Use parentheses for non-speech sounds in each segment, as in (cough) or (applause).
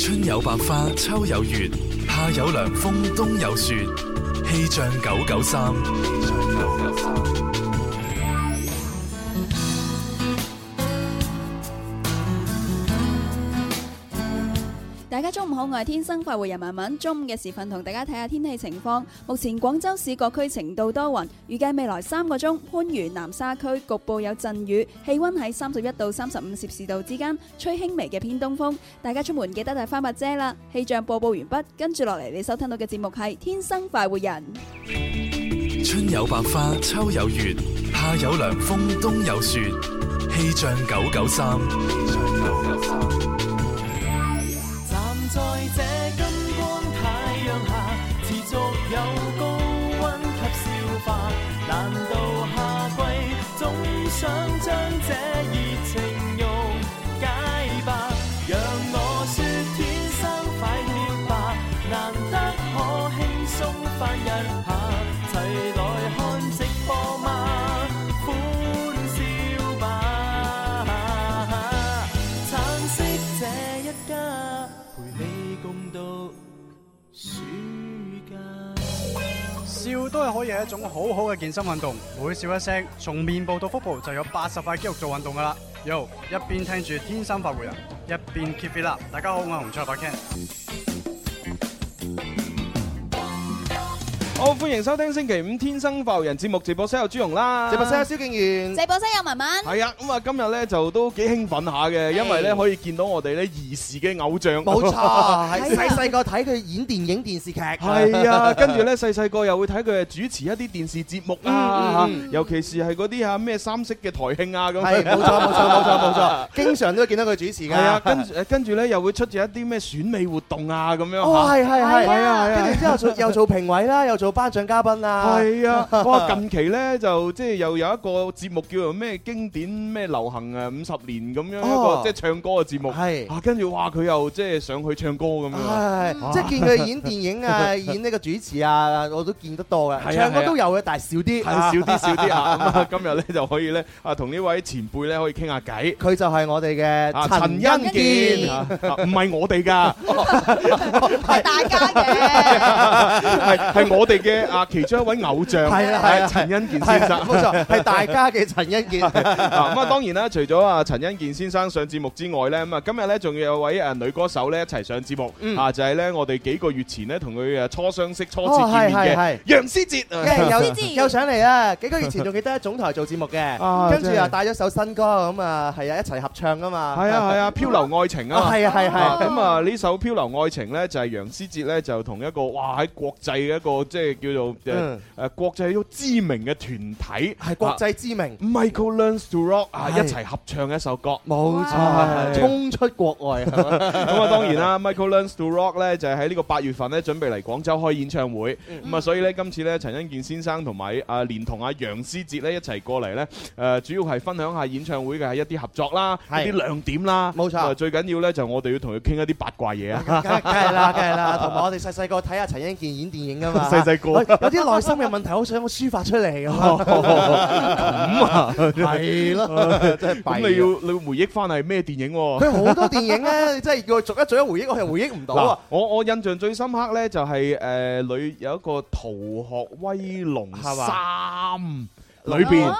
春有百花，秋有月，夏有涼風，冬有雪。氣象九九三。中午好，我係天生快活人文文。中午嘅時分同大家睇下天氣情況。目前廣州市各區晴到多雲，預計未來三個鐘，番禺、南沙區局部有陣雨，氣温喺三十一到三十五攝氏度之間，吹輕微嘅偏東風。大家出門記得帶返把遮啦。氣象播報完畢，跟住落嚟你收聽到嘅節目係天生快活人。春有百花，秋有月，夏有涼風，冬有雪。氣象九九三。都係可以係一種好好嘅健身運動，每笑一聲，從面部到腹部就有八十塊肌肉做運動㗎喇。Yo，一邊聽住天生快活人，一邊 keep it up。大家好，我係紅雀八 Ken。好歡迎收聽星期五天生快活人節目，直播室有朱紅啦，直播室有蕭敬元，直播室有文文。係啊，咁啊今日咧，就都幾興奮下嘅，因為咧，可以見到我哋咧兒時嘅偶像。冇錯，細細個睇佢演電影、電視劇。係啊，跟住咧細細個又會睇佢主持一啲電視節目。嗯，尤其是係嗰啲啊咩三色嘅台慶啊咁。係，冇錯冇錯冇錯冇錯，經常都見到佢主持噶。係啊，跟住跟住咧又會出席一啲咩選美活動啊咁樣。哦，係係係係啊，跟住之後又做評委啦，又做。頒獎嘉賓啊，係啊！哇，近期咧就即係又有一個節目叫做咩經典咩流行啊五十年咁樣一個即係唱歌嘅節目，係，跟住哇佢又即係上去唱歌咁樣，即係見佢演電影啊，演呢個主持啊，我都見得多嘅，唱歌都有嘅，但係少啲，少啲少啲啊！今日咧就可以咧啊，同呢位前輩咧可以傾下偈，佢就係我哋嘅陳欣健，唔係我哋噶，係大家嘅，係係我哋。嘅啊，其中一位偶像係啊係啊，陳欣健先生，冇錯，係大家嘅陳欣健。啊咁啊，當然啦，除咗啊陳欣健先生上節目之外咧，咁啊今日咧仲要有位啊女歌手咧一齊上節目啊，就係咧我哋幾個月前咧同佢誒初相識、初次見面嘅楊斯捷。又又上嚟啊！幾個月前仲記得喺總台做節目嘅，跟住又帶咗首新歌咁啊，係啊，一齊合唱啊嘛。係啊係啊，《漂流愛情》啊。係啊係係。咁啊呢首《漂流愛情》咧就係楊斯捷咧就同一個哇喺國際嘅一個即係。叫做誒國際有知名嘅團體，係國際知名。Michael Learns to Rock 啊，一齊合唱一首歌，冇錯，衝出國外。咁啊，當然啦，Michael Learns to Rock 咧就係喺呢個八月份咧準備嚟廣州開演唱會。咁啊，所以咧今次咧陳欣健先生同埋啊連同啊楊斯捷咧一齊過嚟咧誒，主要係分享下演唱會嘅一啲合作啦，一啲亮點啦，冇錯。最緊要咧就我哋要同佢傾一啲八卦嘢啊，梗係啦，梗係啦。同埋我哋細細個睇下陳欣健演電影㗎嘛，細細。 (laughs) 有啲內心嘅問題，好想我抒發出嚟 (laughs) 啊！咁啊， (laughs) 係咯，即係弊。你要你回憶翻係咩電影啊？佢好多電影咧、啊，即係再逐一逐一回憶，我係回憶唔到啊！我我印象最深刻咧、就是，就係誒女有一個逃學威龍，係嘛？三。裏邊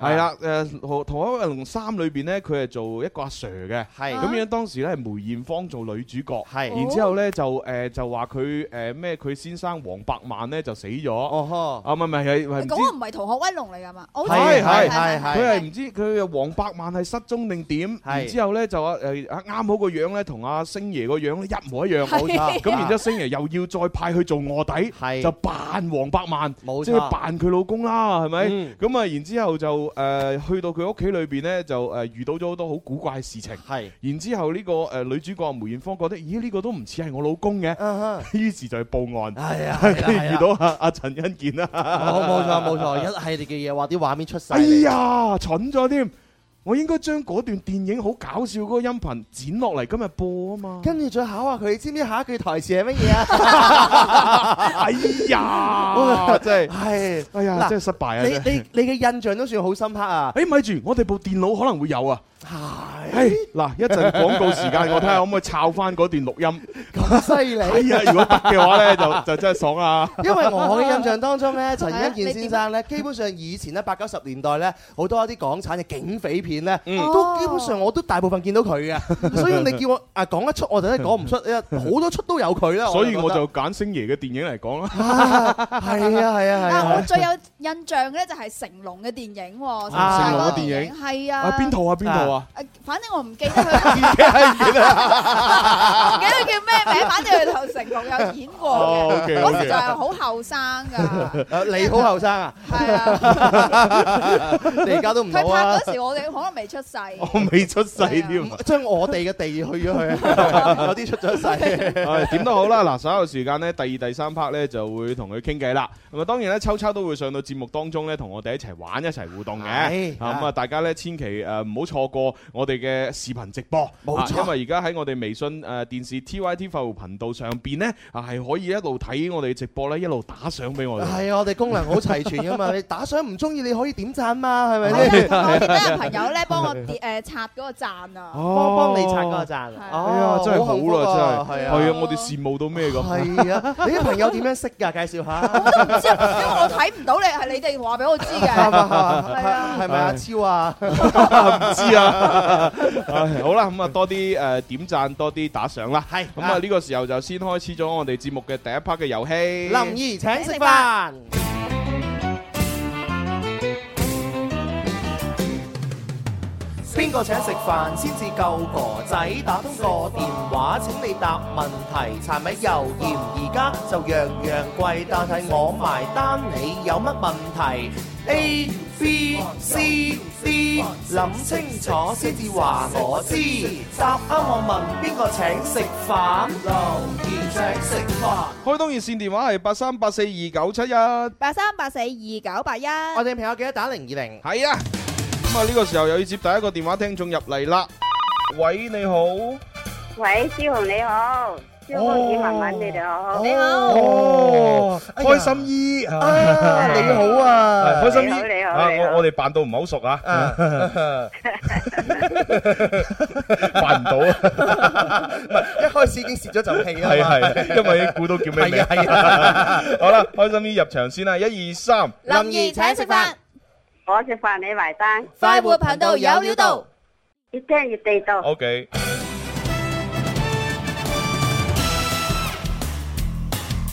係啦，誒，逃學威龍三裏邊咧，佢係做一個阿 Sir 嘅，係咁樣。當時咧係梅艷芳做女主角，係，然之後咧就誒就話佢誒咩佢先生黃百萬咧就死咗，哦啊唔係唔係，唔唔係逃學威龍嚟噶嘛，係係係，佢係唔知佢阿黃百萬係失蹤定點，然之後咧就啊誒啊啱好個樣咧同阿星爺個樣一模一樣，冇錯，咁然之後星爺又要再派去做臥底，係，就扮黃百萬，冇錯，扮佢老公啦，係咪？咁啊、嗯，然之後就誒、呃、去到佢屋企裏邊咧，就、呃、誒遇到咗好多好古怪嘅事情。係是，然之後呢、這個誒、呃、女主角梅艷芳覺得，咦呢、這個都唔似係我老公嘅，於、uh huh. 是就去報案。係啊，跟住遇到阿阿陳欣健啦。冇冇錯冇錯，一係嚟嘅嘢，話啲畫面出世。哎呀，蠢咗添。啊我應該將嗰段電影好搞笑嗰個音頻剪落嚟今日播啊嘛！跟住再考下佢，知唔知下一句台詞係乜嘢啊？哎呀，真係係哎呀，真係失敗啊！你你你嘅印象都算好深刻啊！哎，咪住，我哋部電腦可能會有啊。係嗱，一陣廣告時間，我睇下可唔可以抄翻嗰段錄音。咁犀利！哎呀，如果得嘅話咧，就就真係爽啊！因為我嘅印象當中咧，陳欣健先生咧，基本上以前咧八九十年代咧，好多一啲港產嘅警匪片。咧，都基本上我都大部分見到佢嘅，所以你叫我啊講一出我就真係講唔出，好多出都有佢啦。所以我就揀星爺嘅電影嚟講啦。係啊係啊係啊！但係我最有印象咧就係成龍嘅電影喎。成龍嘅電影係啊，邊套啊邊套啊？誒，反正我唔記得佢。唔記得。記得叫咩名？反正佢同成龍有演過嘅。當時仲係好後生㗎。誒，你好後生啊？係啊。你而家都唔好啊。嗰時我哋可。我未出世，我未出世添，將我哋嘅地去咗去， (laughs) 有啲出咗世，點都好啦。嗱，稍後時間呢，第二、第三 part 呢，就會同佢傾偈啦。咁啊，當然啦，秋秋都會上到節目當中呢，同我哋一齊玩一齊互動嘅。咁啊，大家呢，千祈誒唔好錯過我哋嘅視頻直播，冇錯錯。因為而家喺我哋微信誒、呃、電視、TY、T Y T 快活頻道上邊呢，啊，係可以一路睇我哋直播呢，一路打賞俾我哋。係啊，我哋功能好齊全噶嘛， (laughs) 你打賞唔中意你可以點讚嘛，係咪先？朋友咧幫我誒插嗰個讚啊，幫幫你插嗰個讚，哎呀真係好啦，真係係啊，係啊，我哋羨慕到咩咁？係啊，你啲朋友點樣識噶？介紹下我都唔知，因為我睇唔到你，係你哋話俾我知嘅。係啊，係咪阿超啊？唔知啊。好啦，咁啊多啲誒點讚，多啲打賞啦。係咁啊，呢個時候就先開始咗我哋節目嘅第一 part 嘅遊戲。林怡請食飯。邊個請食飯先至夠婆仔？打通個電話，請你答問題。柴米油鹽而家就樣樣貴，但係我埋單。你有乜問題？A B C D，諗清楚先至話我知。答啱我問邊個請食飯？留言請食飯。開通熱線電話係八三八四二九七一，八三八四二九八一。我哋朋友記得打零二零。係啊。呢個時候又要接第一個電話聽眾入嚟啦。喂，你好。喂，小紅你好，張公始文文，你哋好好。哦，開心姨你好啊，開心姨，你好，我我哋扮到唔係好熟啊。扮唔到，啊！唔係，一開始已經蝕咗陣氣啊！係係，因為已經估到叫咩名。係好啦，開心姨入場先啦，一二三，林怡，請食飯。我食飯你埋單。快活頻道有料到，越聽越地道。OK。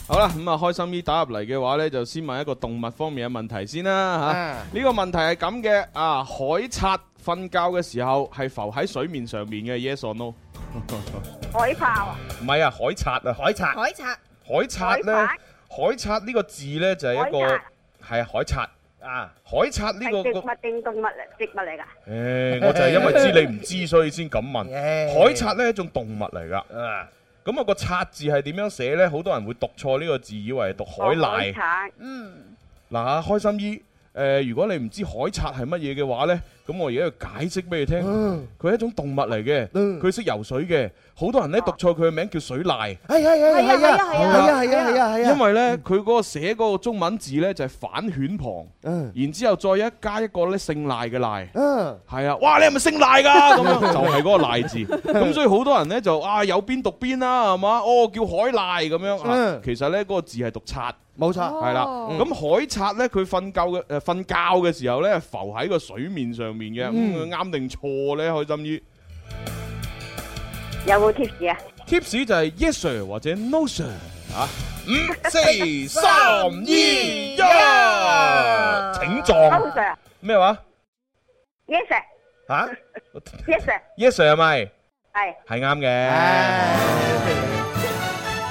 好啦，咁啊，開心啲打入嚟嘅話咧，就先問一個動物方面嘅問題先啦吓。呢個問題係咁嘅，啊，海賊瞓覺嘅時候係浮喺水面上面嘅，Yes or No？海豹啊？唔係啊，海賊啊，海賊，海賊，海賊咧，海賊呢個字咧就係一個係海賊。啊！海賊呢個係植物定動物？植物嚟噶。誒、欸，我就係因為知你唔知， (laughs) 所以先咁問。海賊咧係一種動物嚟噶。咁我、啊、個賊字係點樣寫咧？好多人會讀錯呢個字，以為係讀海瀨。哦、海賊。嗯。嗱啊，開心姨，誒、呃，如果你唔知海賊係乜嘢嘅話咧？咁我而家去解釋俾你聽，佢係一種動物嚟嘅，佢識游水嘅，好多人咧讀錯佢嘅名叫水獺，係係係係啊係啊係啊係啊，啊。因為咧佢嗰個寫嗰個中文字咧就係反犬旁，然之後再一加一個咧姓賴嘅賴，係啊，哇你係咪姓賴㗎咁樣？就係嗰個賴字，咁所以好多人咧就啊有邊讀邊啦，係嘛？哦叫海獺咁樣，其實咧嗰個字係讀察，冇錯，係啦。咁海獺咧佢瞓覺嘅誒瞓覺嘅時候咧浮喺個水面上。面嘅佢啱定錯咧？開心啲有冇貼士啊？貼士就係 yes sir 或者 no sir 啊？五四三二一，請坐咩話？yes sir？吓？yes sir yes sir 係咪？係，係啱嘅，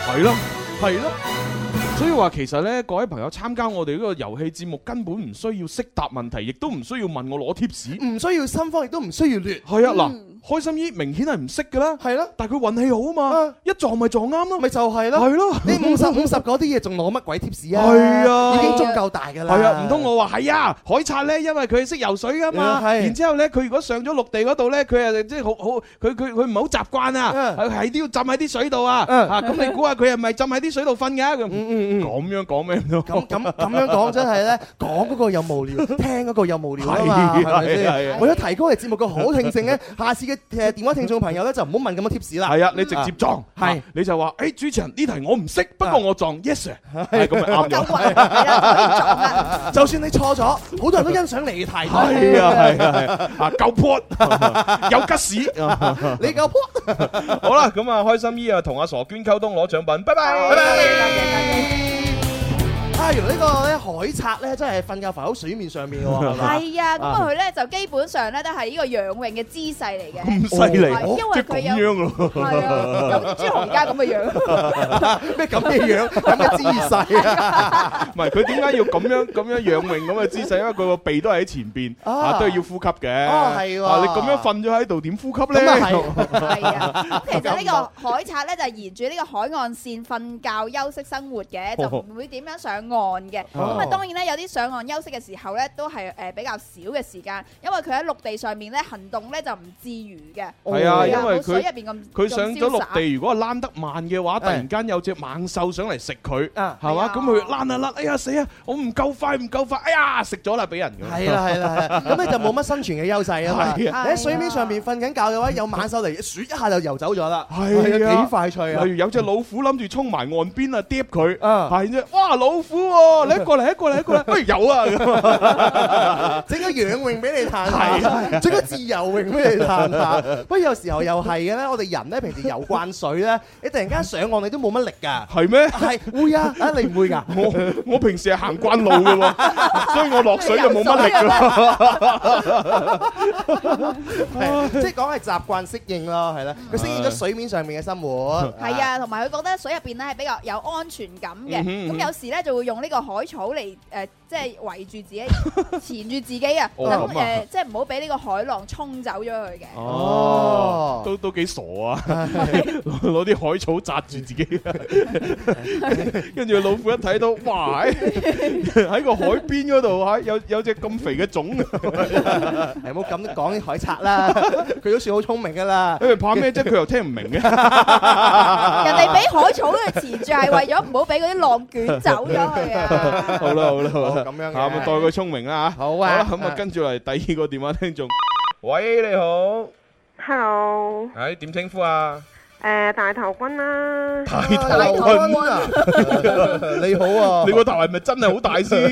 係咯，係咯。所以話，其實呢，各位朋友參加我哋呢個遊戲節目，根本唔需要識答問題，亦都唔需要問我攞貼士，唔需要心慌，亦都唔需要亂。係啦。 (noise) (noise) (noise) 開心啲，明顯係唔識㗎啦，係啦。但係佢運氣好啊嘛，一撞咪撞啱咯，咪就係啦。係咯，啲五十五十嗰啲嘢仲攞乜鬼貼士啊？係啊，已經足夠大㗎啦。係啊，唔通我話係啊？海賊咧，因為佢識游水㗎嘛。係。然之後咧，佢如果上咗陸地嗰度咧，佢啊即係好好，佢佢佢唔係好習慣啊。係係都要浸喺啲水度啊。咁你估下佢係咪浸喺啲水度瞓㗎？咁樣講咩，咁咁咁樣講真係咧，講嗰個又無聊，聽嗰個又無聊啊嘛。係為咗提高嘅節目嘅可聽性咧，下次。誒，電話聽眾朋友咧就唔好問咁多 tips 啦。係啊，你直接撞，係、嗯、是你就話誒、欸，主持人呢題我唔識，不過我撞，啊，yes sir，係咁咪啱嘅。就算你錯咗，好多人都欣賞你嘅題。係啊係啊係啊，夠 put，啊啊啊啊、 (laughs) 有吉士， (laughs) 你夠 put。好啦，咁啊開心姨啊同阿傻娟溝通攞獎品，拜拜，拜拜。拜拜。海賊咧，真係瞓覺浮喺水面上面喎，係啊，咁啊佢咧就基本上咧都係呢個仰泳嘅姿勢嚟嘅。咁犀利，因為佢又，又朱而家咁嘅樣，咩咁嘅樣，咁嘅姿勢啊？唔係佢點解要咁樣咁樣仰泳咁嘅姿勢？因為佢個鼻都係喺前邊，啊都係要呼吸嘅。哦，係喎。你咁樣瞓咗喺度點呼吸咧？係啊。其實呢個海賊咧就係沿住呢個海岸線瞓覺休息生活嘅，就唔會點樣上岸嘅。咁啊，當然咧，有啲上岸休息嘅時候咧，都係誒比較少嘅時間，因為佢喺陸地上面咧行動咧就唔自如嘅。係啊，因為佢水入邊咁佢上咗陸地，如果躝得慢嘅話，突然間有隻猛獸上嚟食佢，係嘛？咁佢躝啊躝，哎呀死啊！我唔夠快，唔夠快，哎呀，食咗啦俾人。係啦係啦，咁你就冇乜生存嘅優勢啊！喺水面上面瞓緊覺嘅話，有猛獸嚟，鼠一下就遊走咗啦。係啊，幾快趣啊！例如有隻老虎諗住衝埋岸邊啊，釣佢啊，係啫！哇，老虎喎，你一過嚟。一個嚟，一個嚟，不如有啊！整個仰泳俾你嘆，係啊，整個自由泳俾你嘆下。不過有時候又係嘅咧，我哋人咧平時游慣水咧，你突然間上岸你都冇乜力噶，係咩？係會啊，你唔會噶？我我平時係行慣路嘅，所以我落水就冇乜力噶。即係講係習慣適應咯，係啦，佢適應咗水面上面嘅生活，係啊，同埋佢覺得水入邊咧係比較有安全感嘅，咁有時咧就會用呢個海草。嚟誒，即係圍住自己，纏住自己啊！咁誒，即係唔好俾呢個海浪沖走咗佢嘅。哦，都都幾傻啊！攞啲海草紮住自己，跟住老虎一睇到，哇！喺個海邊嗰度吓，有有隻咁肥嘅種，係唔好咁講啲海賊啦！佢都算好聰明噶啦，佢怕咩啫？佢又聽唔明嘅。人哋俾海草去纏住，係為咗唔好俾嗰啲浪捲走咗佢啊！好啦好啦好啦，咁樣吓咪代佢聰明啦吓。好啊，咁啊跟住嚟第二個電話聽眾，喂，你好，Hello，哎點稱呼啊？誒大頭君啦，大頭君啊，你好啊，你個頭係咪真係好大先？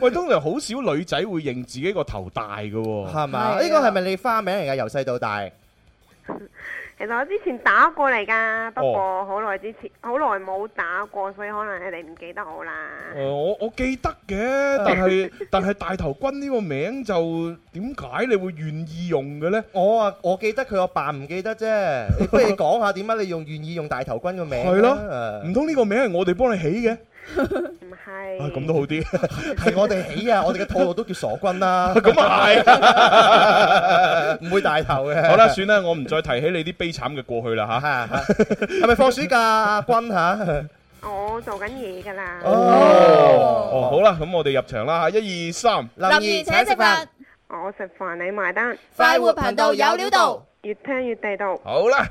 喂，通常好少女仔會認自己個頭大噶，係咪？呢個係咪你花名嚟噶？由細到大。其實我之前打過嚟噶，不過好耐之前好耐冇打過，所以可能你哋唔記得我啦。我我記得嘅，但係但係大頭軍呢個名就點解你會願意用嘅呢？我啊，我記得佢阿爸唔記得啫。不，得你不如講下點解你用願 (laughs) 意用大頭軍個名？係咯了，唔通呢個名係我哋幫你起嘅？唔係，咁都好啲，係我哋起啊！ (laughs) (laughs) 我哋嘅套路都叫傻君啦，啊，咁啊係，唔會大頭嘅。好啦，算啦，我唔再提起你啲悲慘嘅過去啦吓。係咪放暑假，君吓？啊、我做緊嘢噶啦。哦，好啦，咁我哋入場啦吓，一二三，立二請食飯，我食飯你埋單，快活頻道有料到，越聽越地道。 (laughs) 好啦。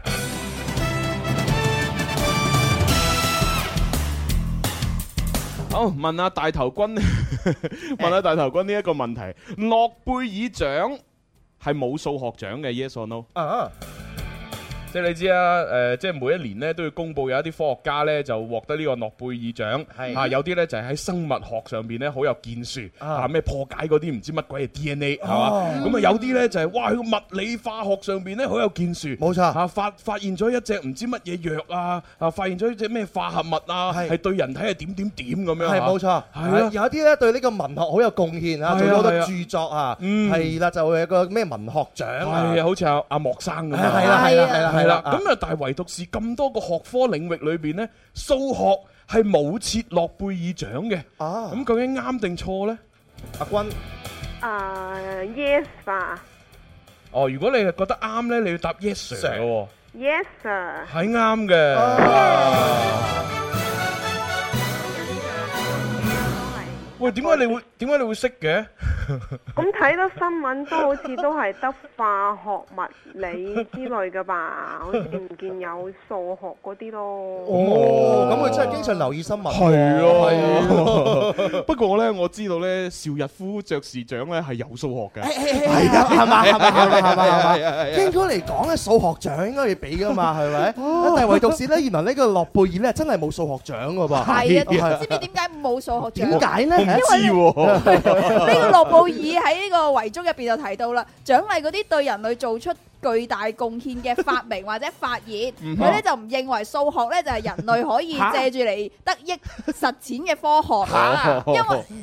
好，oh, 問下大頭軍， (laughs) 問下大頭軍呢一個問題，諾貝爾獎係冇數學獎嘅，yes or no？Uh huh. 即係你知啊，誒，即係每一年咧都要公布有一啲科學家咧就獲得呢個諾貝爾獎，嚇有啲咧就係喺生物學上邊咧好有建樹，嚇咩破解嗰啲唔知乜鬼嘅 DNA 係嘛，咁啊有啲咧就係哇佢物理化學上邊咧好有建樹，冇錯嚇發發現咗一隻唔知乜嘢藥啊，啊發現咗一隻咩化合物啊，係對人體係點點點咁樣，係冇錯，係有啲咧對呢個文學好有貢獻啊，做好多著作啊，嗯，係啦，就會有個咩文學獎好似阿阿莫生咁啊，係啦，係啦，係啦。啦咁啊！但係唯獨是咁多個學科領域裏邊咧，數學係冇設諾貝爾獎嘅。啊，咁、嗯、究竟啱定錯咧？阿君，誒、uh，yes 吧。哦，如果你係覺得啱咧，你要答 yes sir, sir. Yes sir。係啱嘅。喂，點解你會點解你會識嘅？咁睇得新聞都好似都係得化學、物理之類嘅吧？好似唔見有數學嗰啲咯。哦，咁佢真係經常留意新聞。係咯。不過咧，我知道咧，邵逸夫爵士獎咧係有數學嘅。係啊，係嘛，係嘛，係嘛，係嘛。應該嚟講咧，數學獎應該要俾噶嘛，係咪？哦。但係唯獨是咧，原來呢個諾貝爾咧真係冇數學獎嘅噃。係啊。你知唔知點解冇數學獎？點解咧？因為呢個諾貝爾喺呢個遺囑入邊就提到啦，獎勵嗰啲對人類做出巨大貢獻嘅發明或者發現，佢咧就唔認為數學咧就係人類可以借住嚟得益實踐嘅科學啊，因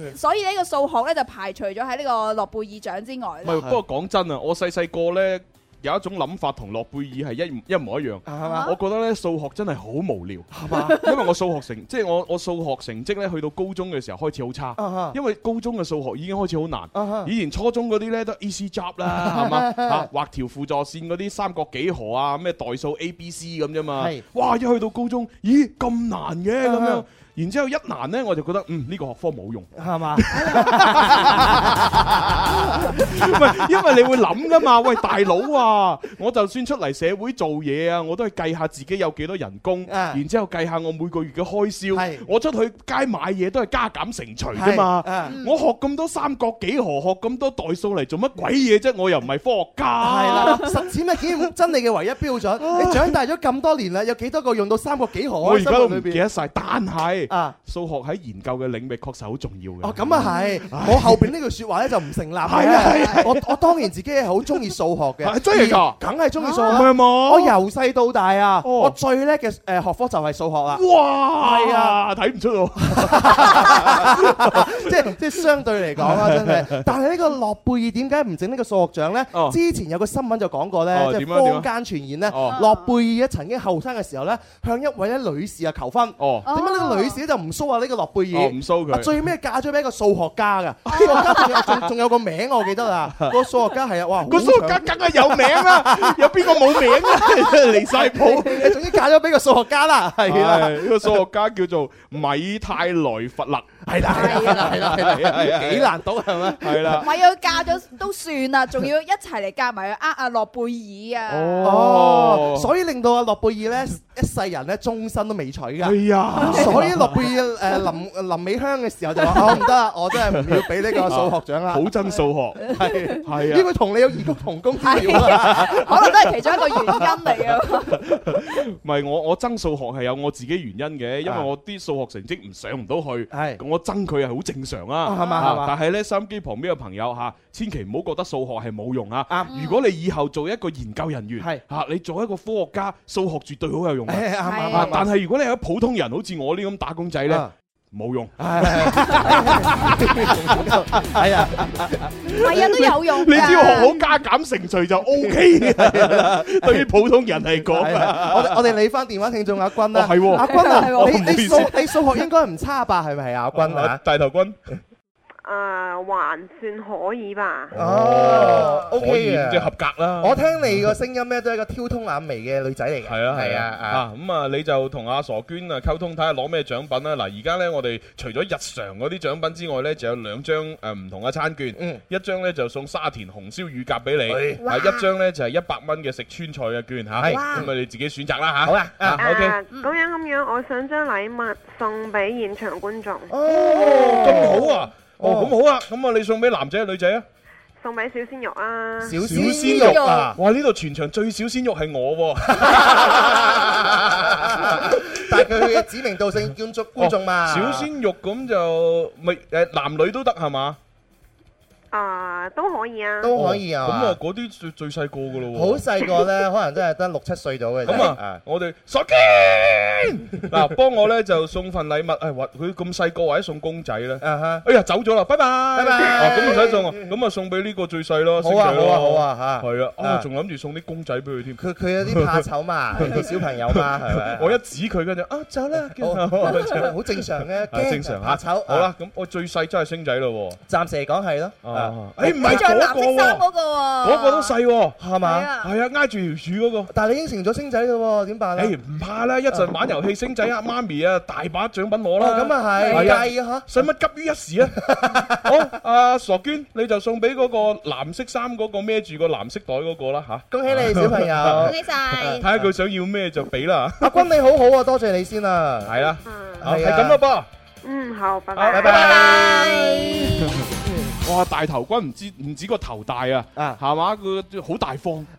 為所以呢個數學咧就排除咗喺呢個諾貝爾獎之外。不過講真啊，我細細個咧。有一種諗法同諾貝爾係一一模一樣，uh huh. 我覺得咧，數學真係好無聊，係嘛、uh huh.？因為我數學成，即係我我數學成績咧，去到高中嘅時候開始好差，uh huh. 因為高中嘅數學已經開始好難，uh huh. 以前初中嗰啲咧都 easy job 啦，係嘛？嚇畫條輔助線嗰啲三角幾何啊，咩代數 A B C 咁啫嘛，哇、uh huh.！一去到高中，咦咁難嘅咁、uh huh. 樣。然之後一難呢，我就覺得嗯呢個學科冇用，係嘛是吧？ (laughs) (laughs) 唔係，因為你會諗噶嘛？ (laughs) 喂大佬啊，我就算出嚟社會做嘢啊，我都係計下自己有幾多人工，啊、然之後計下我每個月嘅開銷，是我出去街買嘢都係加減乘除啫嘛。啊、我學咁多三角幾何，學咁多代數嚟做乜鬼嘢啫？我又唔係科學家。實踐係檢驗真理嘅唯一標準。 (laughs) 你長大咗咁多年啦，有幾多個用到三角幾何？我而家都唔記得晒。但係。啊！數學喺研究嘅領域確實好重要嘅。哦，咁啊係，我後邊呢句説話咧就唔成立。係啊係啊，我我當然自己係好中意數學嘅。中意梗係中意數學。我由細到大啊，我最叻嘅誒學科就係數學啊。哇！係啊，睇唔出喎。即係即係相對嚟講啊，真係。但係呢個諾貝爾點解唔整呢個數學獎咧？之前有個新聞就講過咧，即係坊間傳言咧，諾貝爾曾經後生嘅時候咧，向一位咧女士啊求婚。哦。點解呢個女？自己就唔騷啊，呢、哦、個諾貝爾唔騷佢，最尾嫁咗俾個數學家噶，仲仲 (laughs) 有個名我記得啦，個數學家係啊，哇，個數學家梗係有名啦，有邊個冇名啊？離晒譜， (laughs) 總之嫁咗俾個數學家啦，係、 (laughs) 呢個數學家叫做米泰萊弗勒。係啦，係啦，係啦，係啦，幾難到係咪？係啦，唔係要嫁咗都算啦，仲要一齊嚟，嫁埋去呃阿諾貝爾啊！哦，所以令到阿諾貝爾咧，一世人咧，終身都未娶噶。係啊！所以諾貝爾誒林林美香嘅時候就話唔得啊，我真係唔要俾呢個數學獎啦。好憎數學，係係啊，呢個同你有異曲同工之妙啊，可能都係其中一個原因嚟嘅。唔係我我憎數學係有我自己原因嘅，因爲我啲數學成績唔上唔到去。係。我憎佢係好正常啊！啊啊，但係咧，收音機旁邊嘅朋友吓、啊，千祈唔好覺得數學係冇用啊。啊如果你以後做一個研究人員，係吓是、啊，你做一個科學家，數學絕對好有用、啊哎啊。但係如果你係普通人，好似我呢咁打工仔呢。啊冇用，係啊，係啊，都有用。你只要學好加減乘除就 OK 嘅。對於普通人嚟講，我我哋理翻電話聽眾阿君啦，係阿君啊，你你數你數學應該唔差吧？係咪阿君啊？大頭君。誒，還算可以吧？哦，可以即係合格啦。我聽你個聲音咧，都係一個挑通眼眉嘅女仔嚟嘅。係啊係啊啊！咁啊，你就同阿傻娟啊溝通，睇下攞咩獎品啦。嗱，而家咧，我哋除咗日常嗰啲獎品之外咧，就有兩張誒唔同嘅餐券。嗯，一張咧就送沙田紅燒乳鴿俾你。哇！一張咧就係一百蚊嘅食川菜嘅券吓。哇！咁咪你自己選擇啦吓。好啊，OK，咁樣咁樣，我想將禮物送俾現場觀眾。哦，咁好啊！哦，咁好啊，咁啊，你送俾男仔女仔啊？送俾小鮮肉啊！小鮮肉啊！哇，呢度全場最小鮮肉係我啊， (laughs) (laughs) 但係佢指名道姓叫做「觀眾」嘛。哦，小鮮肉咁就咪誒，男女都得係嘛？啊，都可以啊，都可以啊。咁啊，嗰啲最最細個噶咯喎，好細個咧，可能真係得六七歲到嘅。咁啊，我哋索堅，嗱，幫我咧就送份禮物，誒，或佢咁細個，或者送公仔咧。哎呀，走咗啦，拜拜，拜拜。咁唔使送，咁啊送俾呢個最細咯，好啊，好啊，好啊，吓，係啊，我仲諗住送啲公仔俾佢添，佢佢有啲怕醜嘛，啲小朋友嘛，我一指佢跟住，啊走啦，好正常嘅，正常，怕醜。好啦，咁我最細真係星仔咯。暫時嚟講係咯。誒，唔係藍色衫嗰個喎，嗰個都細喎，係嘛？係啊，挨住條柱嗰個。但係你應承咗星仔嘅喎，點辦咧？唔怕啦，一陣玩遊戲，星仔啊，媽咪啊，大把獎品攞啦。咁啊係，唔計吓，使乜急於一時啊？好，阿傻娟，你就送俾嗰個藍色衫嗰個孭住個藍色袋嗰個啦吓。恭喜你小朋友，恭喜晒。睇下佢想要咩就俾啦。阿君你好好啊，多謝你先啦。係啦，係咁咯噃。嗯，好，拜拜，拜拜。哇，大頭軍唔知唔止個頭大啊，係嘛？佢好大方。誒，誒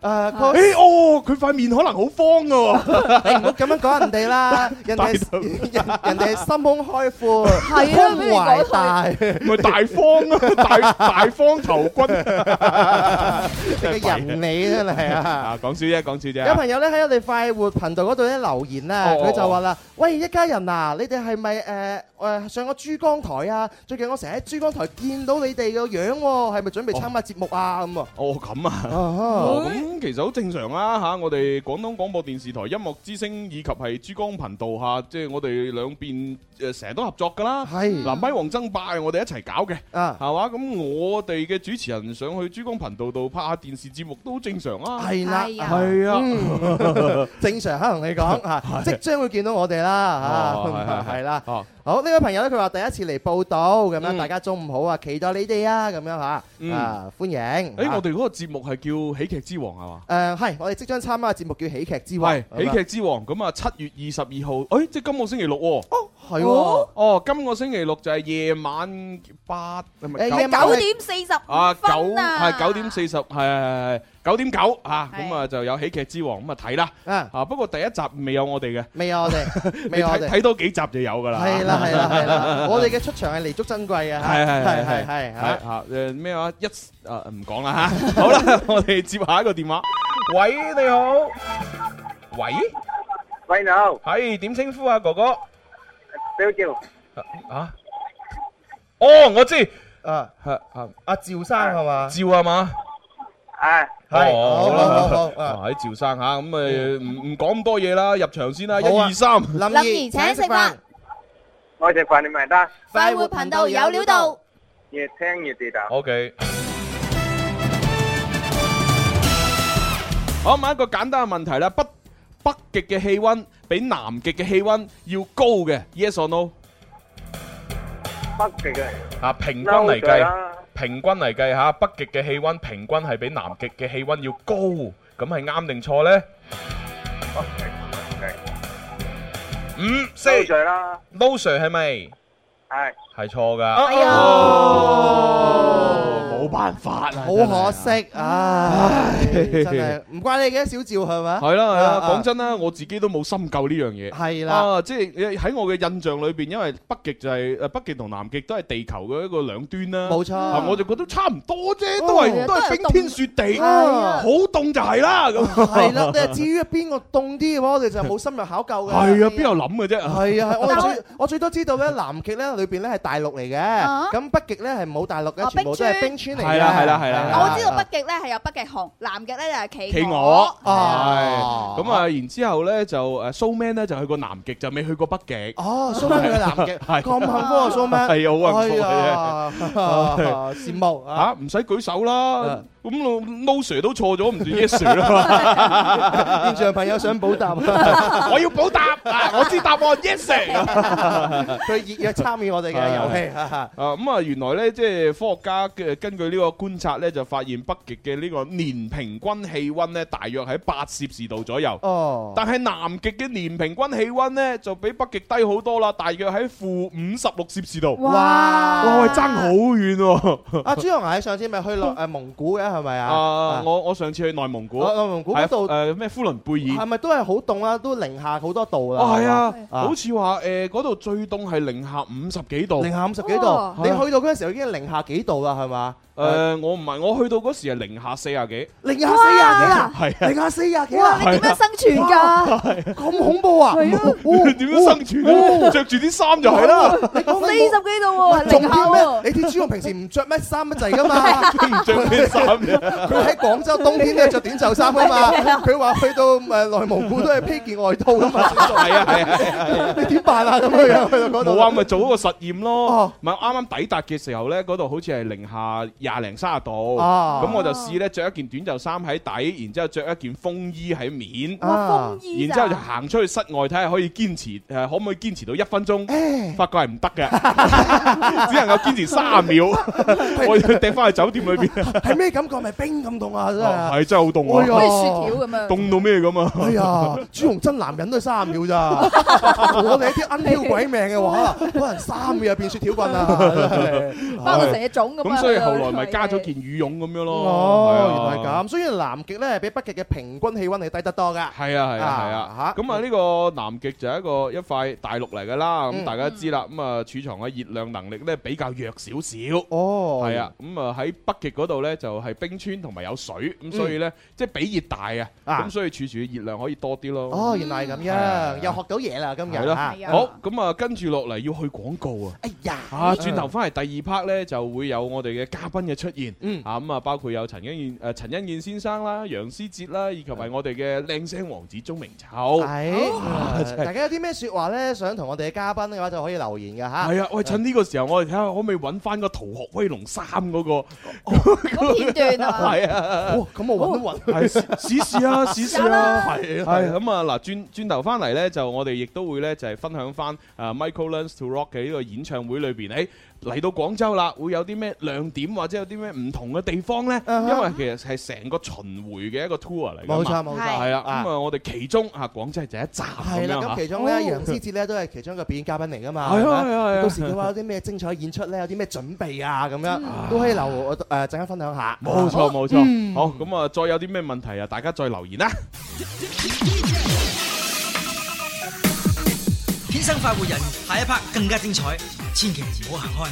哦，佢塊面可能好方㗎。你唔好咁樣講人哋啦，人哋人哋心胸開闊，胸懷大，咪大方啊！大大方頭軍，你嘅人理真係啊！講笑啫，講笑啫。有朋友咧，喺我哋快活頻道嗰度咧留言啊，佢就話啦：喂，一家人啊，你哋係咪誒誒上個珠江台啊？最近我成日喺珠江台見到你哋。有樣喎，係咪準備參加節目啊？咁啊？哦，咁啊，咁其實好正常啦嚇。我哋廣東廣播電視台音樂之星以及係珠江頻道嚇，即係我哋兩邊誒成日都合作㗎啦。係嗱，咪王爭霸我哋一齊搞嘅，係嘛？咁我哋嘅主持人上去珠江頻道度拍下電視節目都正常啊。係啦，係啊，正常。可能你講嚇，即將會見到我哋啦嚇，係啦。好，呢位朋友咧，佢話第一次嚟報道，咁樣大家中午好啊，期待你哋。咁樣吓，啊，歡迎！誒，我哋嗰個節目係叫喜劇之王係嘛？誒，係，我哋即將參加嘅節目叫喜劇之王。係喜劇之王，咁啊，七月二十二號，誒，即係今個星期六哦，係哦、啊，哦，今個星期六就係夜晚八，係咪九點四十啊，九係九點四十，係係係。九點九啊，咁啊就有喜劇之王咁啊睇啦啊，不過第一集未有我哋嘅，未有我哋，未有我哋睇多幾集就有噶啦，係啦係啦係啦，我哋嘅出場係彌足珍貴嘅，係系系系係吓，誒咩話一，誒，唔講啦吓，好啦，我哋接下一個電話。喂，你好，喂，喂你好，係點稱呼啊哥哥？小趙啊，哦，我知啊，係啊阿趙生係嘛，趙係嘛？係係好啦，好喺，趙生吓，咁咪唔唔講咁多嘢啦，入場先啦，一二三，林怡請食飯，我只飯你埋單，快活頻道有料到，越聽越地道，OK。好問一個簡單嘅問題啦，北北極嘅氣温比南極嘅氣温要高嘅，Yes or No？北極嘅啊，平均嚟計。平均嚟計下，北極嘅氣温平均係比南極嘅氣温要高，咁係啱定錯呢？五四，No sir 係咪？係。係錯噶，哎呀，冇辦法啊，好可惜啊，真係唔怪你嘅，小趙係咪？係啦係啦，講真啦，我自己都冇深究呢樣嘢，係啦，即係喺我嘅印象裏邊，因為北極就係北極同南極都係地球嘅一個兩端啦，冇錯，我就覺得差唔多啫，都係都係冰天雪地，好凍就係啦，咁係啦。但係至於邊個凍啲嘅話，我哋就冇深入考究嘅。係啊，邊有諗嘅啫？係啊，我最我最多知道咧，南極咧裏邊咧係。大陸嚟嘅，咁北極咧係冇大陸嘅，全部都係冰川嚟嘅。係啦係啦係啦。我知道北極咧係有北極熊，南極咧就係企企鵝，啊，咁啊，然之後咧就誒 Suman 咧就去過南極，就未去過北極。哦 Suman 去南極，係咁幸福啊 Suman 係啊，好幸福啊，羨慕啊，唔使舉手啦。咁露、no、sir 都錯咗，唔算 yes sir 啦嘛！ (laughs) 現場朋友想補答， (laughs) (laughs) 我要補答，我知答案 yes sir。佢熱烈參與我哋嘅遊戲。啊 (laughs) 咁啊，原來咧即係科學家嘅根據呢個觀察咧，就發現北極嘅呢個年平均氣温咧，大約喺八攝氏度左右。哦。但係南極嘅年平均氣温咧，就比北極低好多啦，大約喺負五十六攝氏度。哇！哇喂，爭好遠喎、啊！阿、啊、朱耀毅上次咪去落誒蒙古嘅。係咪啊？我我上次去內蒙古，內蒙古嗰度誒咩呼倫貝爾，係咪都係好凍啊？都零下好多度啦。係啊，好似話誒嗰度最凍係零下五十幾度。零下五十幾度，你去到嗰陣時候已經零下幾度啦，係嘛？誒，我唔係，我去到嗰時係零下四啊幾。零下四啊幾啊？係零下四啊幾啊？你點樣生存噶？咁恐怖啊！點樣生存啊？着住啲衫就係啦。你講四十幾度喎，零下喎。你啲豬我平時唔着咩衫一齊噶嘛？唔着咩衫？佢喺 (laughs) 廣州冬天咧着短袖衫啊嘛，佢話去到誒內蒙古都係披件外套㗎嘛，係啊，係啊， (laughs) (laughs) 你點辦啊咁樣去到嗰度？冇啊，咪做嗰個實驗咯，咪啱啱抵達嘅時候咧，嗰度好似係零下廿零三十度啊，咁我就試咧着一件短袖衫喺底，然之後着一件風衣喺面，啊、然之後就行出去室外睇下可以堅持誒，可唔可以堅持到一分鐘？哎、發覺係唔得嘅， (laughs) (laughs) 只能夠堅持三十秒， (laughs) (laughs) (laughs) 我掟翻去酒店裏邊。係咩咁？ (laughs) 個咪冰咁凍啊！真係係真係好凍啊！可以雪條咁樣凍到咩咁啊？哎呀，朱紅真男人都三秒咋？我哋啲恩彪鬼命嘅話，可能三秒入變雪條棍啦，包到成隻腫咁啊！咁所以後來咪加咗件羽絨咁樣咯。哦，原來係咁。所以南極咧比北極嘅平均氣溫係低得多噶。係啊，係啊，係啊。吓，咁啊呢個南極就係一個一塊大陸嚟噶啦。咁大家知啦。咁啊，儲藏嘅熱量能力咧比較弱少少。哦，係啊。咁啊喺北極嗰度咧就係。冰川同埋有水，咁所以咧，即係比熱大啊！咁所以儲住嘅熱量可以多啲咯。哦，原來係咁樣，又學到嘢啦！今日係咯，好咁啊，跟住落嚟要去廣告啊！哎呀，啊，轉頭翻嚟第二 part 咧，就會有我哋嘅嘉賓嘅出現。嗯，啊咁啊，包括有陳欣健、誒陳欣健先生啦、楊斯捷啦，以及係我哋嘅靚聲王子鍾明湊。係，大家有啲咩説話咧，想同我哋嘅嘉賓嘅話就可以留言㗎嚇。係啊，喂，趁呢個時候我哋睇下可唔可以揾翻個逃學威龍三嗰個係啊，咁我揾一揾，試試啊，試試啊，係係咁啊！嗱，轉轉頭翻嚟咧，就我哋亦都會咧，就係分享翻啊，Michael Learns to Rock 嘅呢個演唱會裏邊，誒嚟到廣州啦，會有啲咩亮點或者有啲咩唔同嘅地方咧？因為其實係成個巡迴嘅一個 tour 嚟嘅，冇錯冇錯，係啊！咁啊，我哋其中啊，廣州係第一站咁樣，咁其中咧，楊斯捷咧都係其中一個表演嘉賓嚟㗎嘛，係係係。到時佢話有啲咩精彩演出咧，有啲咩準備啊，咁樣都可以留我誒陣間分享下。冇錯冇錯，好咁啊！再有啲咩問題啊？大家再留言啦！天生快活人，下一 part 更加精彩，千祈唔好行開，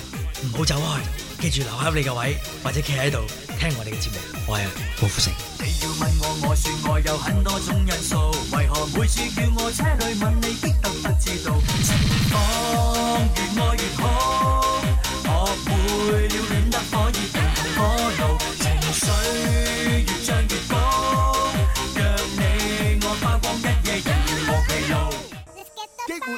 唔好走開，記住留喺你嘅位或者企喺度聽我哋嘅節目。我係郭富城。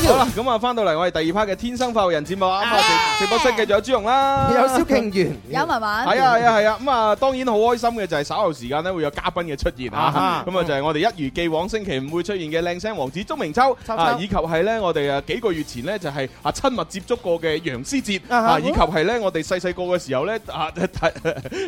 咁啊，翻到嚟我哋第二 part 嘅天生發育人節目啊！直播室繼續有朱紅啦，有蕭敬源，有文文，係啊係啊係啊！咁啊，當然好開心嘅就係稍後時間咧會有嘉賓嘅出現啊！咁啊就係我哋一如既往星期五會出現嘅靚聲王子鍾明秋啊，以及係咧我哋啊幾個月前咧就係啊親密接觸過嘅楊斯捷啊，以及係咧我哋細細個嘅時候咧啊睇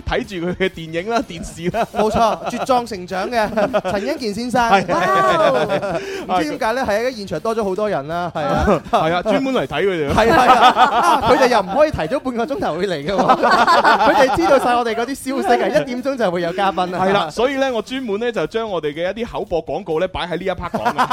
睇住佢嘅電影啦、電視啦，冇錯，茁壯成長嘅陳欣健先生，唔知點解咧係喺現場多咗好多人啦。啊，係啊，係啊，專門嚟睇佢哋。係啊，佢哋又唔可以提早半個鐘頭會嚟嘅。佢哋知道晒我哋嗰啲消息係一點鐘就會有嘉賓啦。係啦，所以咧，我專門咧就將我哋嘅一啲口播廣告咧擺喺呢一 part 講。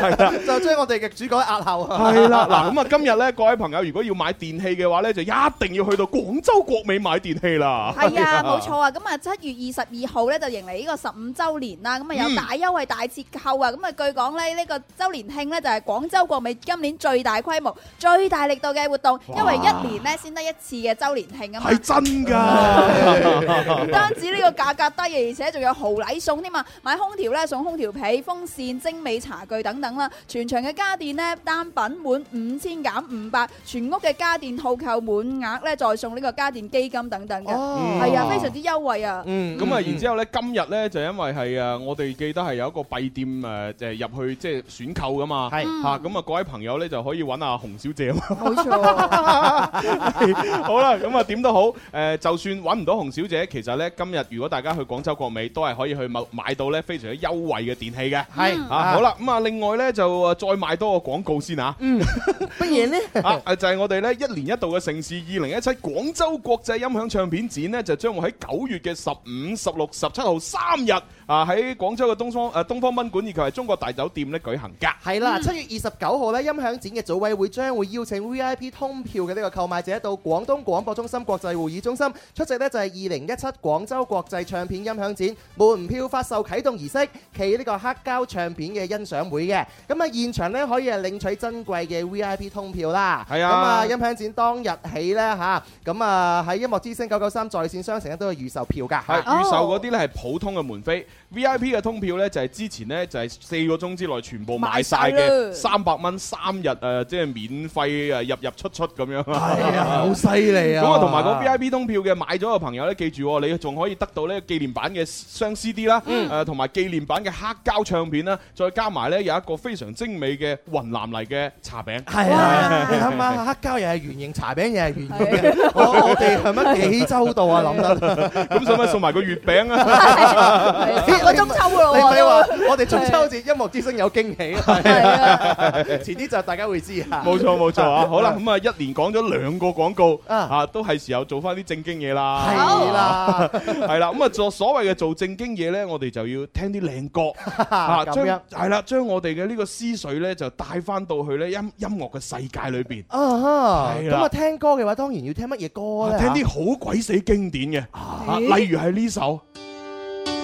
係啊，就將我哋嘅主角壓後。係啦，嗱，咁啊，今日咧，各位朋友如果要買電器嘅話咧，就一定要去到廣州國美買電器啦。係啊，冇錯啊，咁啊七月二十二號咧就迎嚟呢個十五週年啦，咁啊有大優惠大折扣啊，咁啊據講咧呢個週年慶。慶咧就係廣州國美今年最大規模、最大力度嘅活動，因為一年咧先得一次嘅周年慶啊！係真噶，唔單止呢個價格低，而且仲有豪禮送添嘛！買空調咧送空調被、風扇、精美茶具等等啦。全場嘅家電咧單品滿五千減五百，全屋嘅家電套購滿額咧再送呢個家電基金等等嘅，係啊，非常之優惠啊！咁啊，然之後咧今日咧就因為係啊，我哋記得係有一個閉店誒，即係入去即係選購咁。嘛係吓咁啊！各位朋友咧就可以揾阿洪小姐啊，冇錯。好啦，咁啊點都好誒，就算揾唔到洪小姐，其實咧今日如果大家去廣州國美，都係可以去買買到咧非常之優惠嘅電器嘅。係啊，好啦，咁啊另外咧就再賣多個廣告先吓。嗯，乜嘢咧？啊誒，就係我哋咧一年一度嘅城市二零一七廣州國際音響唱片展咧，就將會喺九月嘅十五、十六、十七號三日。啊！喺廣州嘅東方誒、啊、東方賓館以及係中國大酒店咧舉行㗎。係啦，七、嗯、月二十九號咧，音響展嘅組委會將會邀請 V I P 通票嘅呢個購買者到廣東廣播中心國際會議中心出席呢，就係二零一七廣州國際唱片音響展門票發售啟動儀式暨呢個黑膠唱片嘅欣賞會嘅。咁啊，現場呢，可以係領取珍貴嘅 V I P 通票啦。係是啊。咁啊，音響展當日起呢，嚇、啊，咁啊喺音樂之星九九三在線商城都有售、啊啊、預售票㗎。係預售嗰啲呢係普通嘅門飛。V.I.P 嘅通票咧，就係、是、之前咧就係、是、四個鐘之內全部買晒嘅三百蚊三日誒，即、呃、係、就是、免費誒入入出出咁樣。係啊，好犀利啊！咁啊，同埋個 V.I.P 通票嘅買咗嘅朋友咧，記住、哦、你仲可以得到呢個紀念版嘅雙 CD 啦、嗯，誒同埋紀念版嘅黑膠唱片啦，再加埋咧有一個非常精美嘅雲南嚟嘅茶餅。係啊， (laughs) 你睇下黑膠又係圓形，茶餅又係圓形，我我哋係乜幾周到啊諗得？咁使唔使送埋個月餅啊？ (laughs) (laughs) 個中秋，你話我哋中秋節音樂之聲有驚喜，係啊！遲啲就大家會知啊！冇錯冇錯啊！好啦，咁啊一連講咗兩個廣告啊，都係時候做翻啲正經嘢啦。係啦，係啦，咁啊做所謂嘅做正經嘢咧，我哋就要聽啲靚歌啊，係啦，將我哋嘅呢個思緒咧就帶翻到去咧音音樂嘅世界裏邊啊。係咁啊聽歌嘅話，當然要聽乜嘢歌咧？聽啲好鬼死經典嘅，例如係呢首。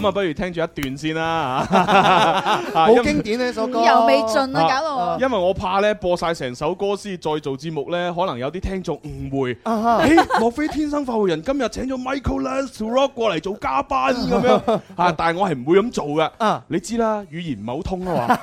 咁啊，不如聽住一段先啦好經典呢首歌，油未盡啊，搞到。因為我怕咧播晒成首歌先再做節目咧，可能有啲聽眾誤會。誒、啊欸、莫非天生快活人今日請咗 Michael Learns To Rock 過嚟做嘉賓咁樣啊，但係我係唔會咁做噶。啊、你知啦，語言唔係好通啊嘛。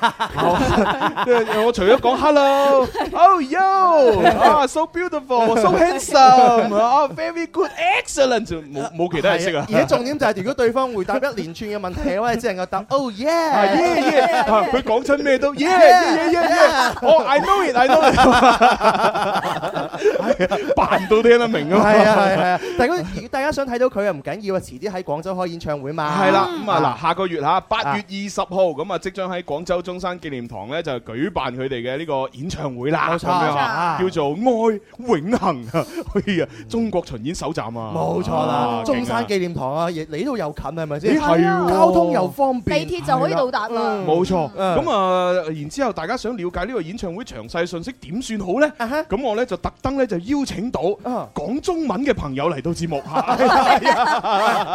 即係我， (laughs) 我除咗講 Hello，Oh Yo，啊 oh,，so beautiful，so handsome，v、oh, very good，excellent，冇冇其他人識啊。而且重點就係如果對方回答一年。完全嘅問題，或者只能夠答。Oh yeah，yeah yeah，佢講出咩都 yeah yeah yeah yeah。Oh yeah, yeah, I know it，I know it，扮到聽得明啊嘛。係啊係啊，但係如果大家想睇到佢又唔緊要啊，遲啲喺廣州開演唱會嘛。係啦，咁啊嗱，下個月啊，八月二十號咁啊，即將喺廣州中山紀念堂咧就舉辦佢哋嘅呢個演唱會啦。冇錯叫做愛永恆啊！呀，中國巡演首站啊！冇錯啦，啊，中山紀念堂啊，亦呢度又近係咪先？是交通又方便，地鐵就可以到達啦。冇錯，咁啊，然之後大家想了解呢個演唱會詳細信息點算好呢？咁我呢就特登呢，就邀請到講中文嘅朋友嚟到節目嚇。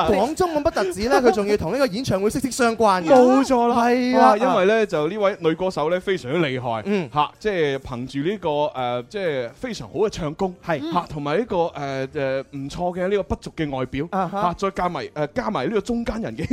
講中文不特止呢，佢仲要同呢個演唱會息息相關嘅。冇錯啦，係啊，因為呢就呢位女歌手呢，非常之厲害，嗯嚇，即係憑住呢個誒即係非常好嘅唱功，係嚇，同埋呢個誒誒唔錯嘅呢個不俗嘅外表嚇，再加埋誒加埋呢個中間人嘅。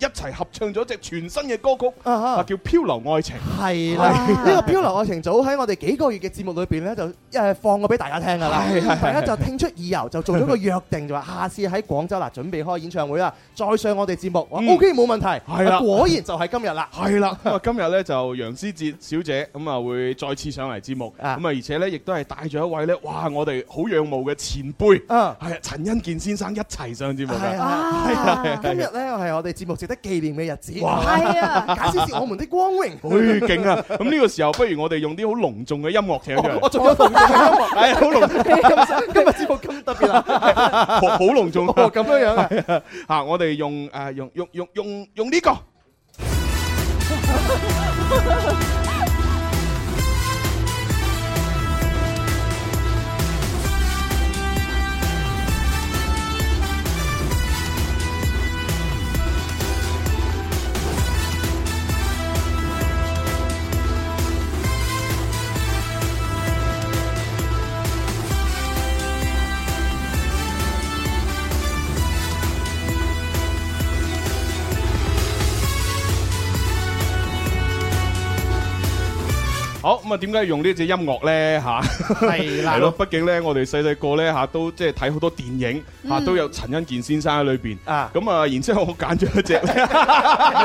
一齊合唱咗隻全新嘅歌曲，啊叫《漂流愛情》。係啦，呢個《漂流愛情》早喺我哋幾個月嘅節目裏邊呢，就誒放過俾大家聽㗎啦。大家就聽出意由，就做咗個約定，就話下次喺廣州嗱準備開演唱會啊，再上我哋節目，OK 冇問題。係啦，果然就係今日啦。係啦，今日呢，就楊斯捷小姐咁啊會再次上嚟節目，咁啊而且呢亦都係帶咗一位呢。哇！我哋好仰慕嘅前輩，係陳欣健先生一齊上節目㗎。係今日呢，係我哋節目的紀念嘅日子，係哇啊，假設是我們的光榮，好勁 (laughs) 啊！咁呢個時候，不如我哋用啲好隆重嘅音樂唱出嚟，哦。我做咗、 (laughs) 哎、隆重嘅音樂，好隆重。今日節目咁特別啊，好隆重。哦，咁樣樣啊，嚇、 (laughs) 啊！我哋用誒、啊、用用用用用呢、這個。 (laughs) 咁啊，點解用呢隻音樂咧？嚇，係啦，畢竟咧，我哋細細個咧嚇都即係睇好多電影嚇，都有陳欣健先生喺裏邊。咁啊，然之後我揀咗一隻咩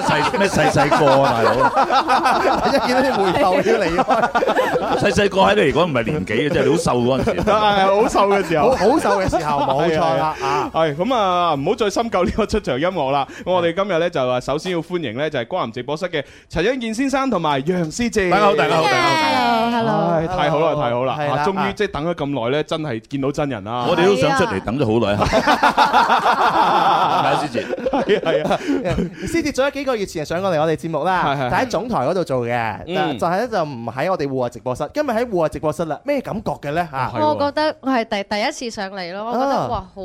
細咩細細個啊，大佬一見到啲回頭要離開，細細個喺你嚟講唔係年紀啊，真係好瘦嗰陣時，係好瘦嘅時候，好瘦嘅時候冇錯啦。係咁啊，唔好再深究呢個出場音樂啦。咁我哋今日咧就啊，首先要歡迎咧就係《光臨直播室》嘅陳欣健先生同埋楊斯捷。大家好，大家好，大家好。Hello, hello, hello，太好啦 Hello.！太好啦！啊，終於即係等咗咁耐咧，真係見到真人啦！的我哋都想出嚟，等咗好耐。之前。係啊，先跌咗幾個月前上過嚟我哋節目啦，但喺總台嗰度做嘅，但就係咧就唔喺我哋戶外直播室。今日喺戶外直播室咧，咩感覺嘅咧？吓，我覺得我係第第一次上嚟咯，我覺得哇，好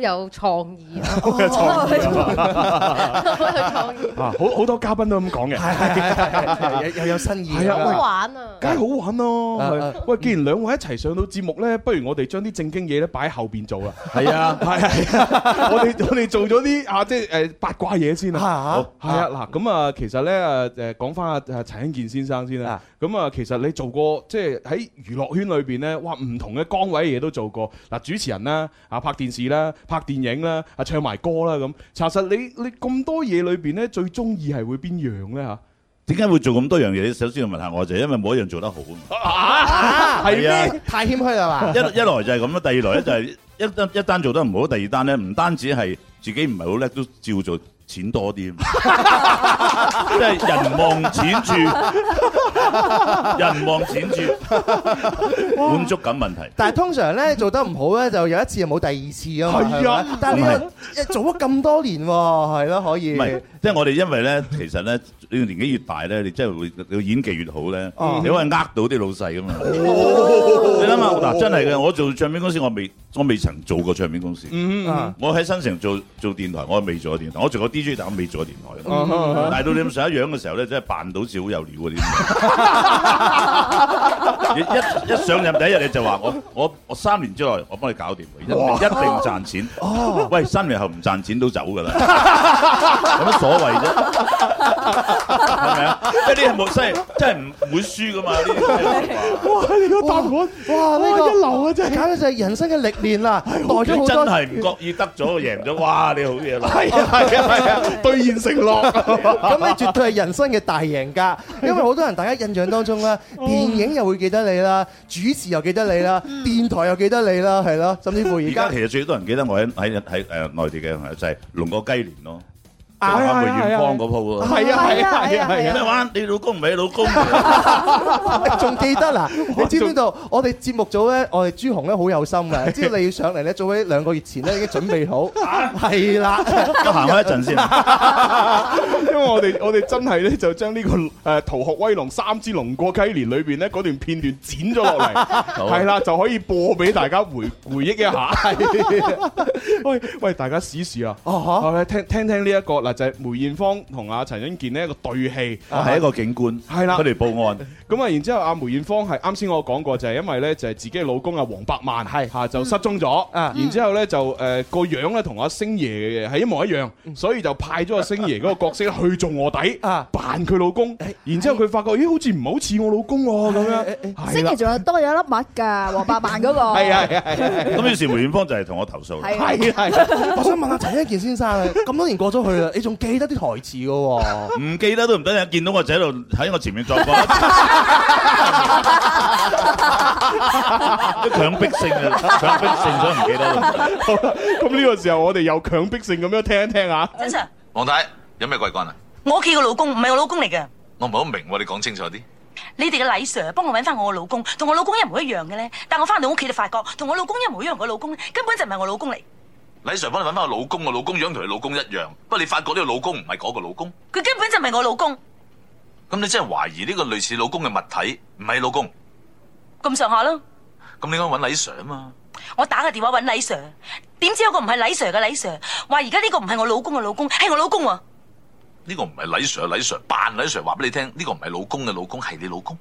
有創意，好有創意，好有創意。啊，好好多嘉賓都咁講嘅，係係係，又有新意，好玩啊，梗係好玩咯。喂，既然兩位一齊上到節目咧，不如我哋將啲正經嘢咧擺喺後邊做啦。係啊，係啊，我哋我哋做咗啲啊，即係。誒八卦嘢先啦，好係啊嗱，咁啊其實咧誒講翻阿陳欣健先生先啦，咁啊其實你做過即係喺娛樂圈裏邊咧，哇唔同嘅崗位嘢都做過，嗱主持人啦，啊拍電視啦，拍電影啦，啊唱埋歌啦咁。查實你你咁多嘢裏邊咧，最中意係會邊樣咧嚇？點解會做咁多樣嘢？你首先要問下我，就係因為冇一樣做得好啊！係啊，太謙虛啦嘛！一一來就係咁啦，第二來咧就係。一單一單做得唔好，第二單咧唔單止係自己唔係好叻，都照做，錢多啲，即 (laughs) 係人望錢住，哇人望錢住， (laughs) 滿足感問題。但係通常咧做得唔好咧，就有一次又冇第二次啊嘛。係啊，吧但係你又是做咗咁多年喎，啊，係咯，啊、可以。即係我哋因為咧，其實咧，你年紀越大咧，你真係會你個演技越好咧，你會呃到啲老細㗎嘛？嗯、哼你諗下嗱，真係嘅，我做唱片公司，我未我未曾做過唱片公司。嗯、哼我喺新城做做電台，我未做過電台，我做過 DJ，但我未做過電台。嗯、哼但到你咁上一樣嘅時候咧，真係扮到似好有料啲。人 (laughs) (laughs) 一一上任第一日你就話我我我三年之內我幫你搞掂，一，哇一定賺錢。哦、啊，喂，三年後唔賺錢都走㗎啦。 (laughs) (laughs) 所謂啫，係咪啊？即係啲人冇真係，真係唔會輸噶嘛？哇！你個答案，哇！呢個一流啊，真係簡直就係人生嘅歷練啦，係來咗好多。真係唔覺意得咗，贏咗，哇！你好嘢，係啊，係啊，係啊，兌現承諾。咁你，絕對係人生嘅大贏家。因為好多人，大家印象當中啦，電影又會記得你啦，主持又記得你啦，電台又記得你啦，係咯，甚至乎而家其實最多人記得我喺喺喺誒內地嘅朋友就係龍哥雞年咯。係啊，梅元芳嗰鋪咯，係啊，係啊，係啊，做咩玩？你老公唔係你老公，仲記得嗱？你知唔知道我哋節目組咧，我哋朱紅咧好有心嘅，知道你要上嚟咧，早喺兩個月前咧已經準備好，係啦，行開一陣先，因為我哋我哋真係咧就將呢個誒《逃學威龍三之龍過雞年》裏邊咧嗰段片段剪咗落嚟，係啦，就可以播俾大家回回憶一下。喂喂，大家試試啊！哦，哈，聽聽聽，呢一個嗱。就係梅艷芳同阿陳欣健咧一個對戲，係一個警官，係啦，佢嚟報案。咁啊，然之後阿梅艷芳係啱先我講過，就係因為咧就係自己嘅老公阿黃百萬係吓就失蹤咗，然之後咧就誒個樣咧同阿星爺係一模一樣，所以就派咗個星爺嗰個角色去做臥底啊，扮佢老公。然之後佢發覺咦，好似唔係好似我老公咁樣，星爺仲有多咗一粒物噶黃百萬嗰個，係係係。咁於是梅艷芳就係同我投訴。係係，我想問下陳欣健先生，咁多年過咗去啦。仲記得啲台詞㗎喎、哦，唔 (laughs) 記得都唔得，見到我仔喺度喺我前面作歌 (laughs) (laughs) (laughs) 強迫性啊，強迫性所以唔記得啦。咁呢 (laughs) 個時候我哋又強迫性咁樣聽一聽一陳 Sir, 啊！禮 Sir，王太有咩貴幹啊？我屋企嘅老公唔係我老公嚟嘅，我唔係好明喎，你講清楚啲。你哋嘅禮 Sir 幫我揾返我嘅老公，同我老公一模一樣嘅咧，但我返到屋企就發覺同我老公一模一樣嘅老公根本就唔係我老公嚟。禮 Sir 幫你搵翻個老公個老公，老公樣同你老公一樣，不過你發覺呢個老公唔係嗰個老公，佢根本就唔係我老公。咁你真係懷疑呢個類似老公嘅物體唔係老公？咁上下啦。咁你應該搵禮 Sir 啊嘛。我打個電話搵禮 Sir，點知有個唔係禮 Sir 嘅禮 Sir，話而家呢個唔係我老公嘅老公，係我老公啊。呢個唔係禮 Sir，禮 Sir 扮禮 Sir 話俾你聽，呢個唔係老公嘅老公，係你老公。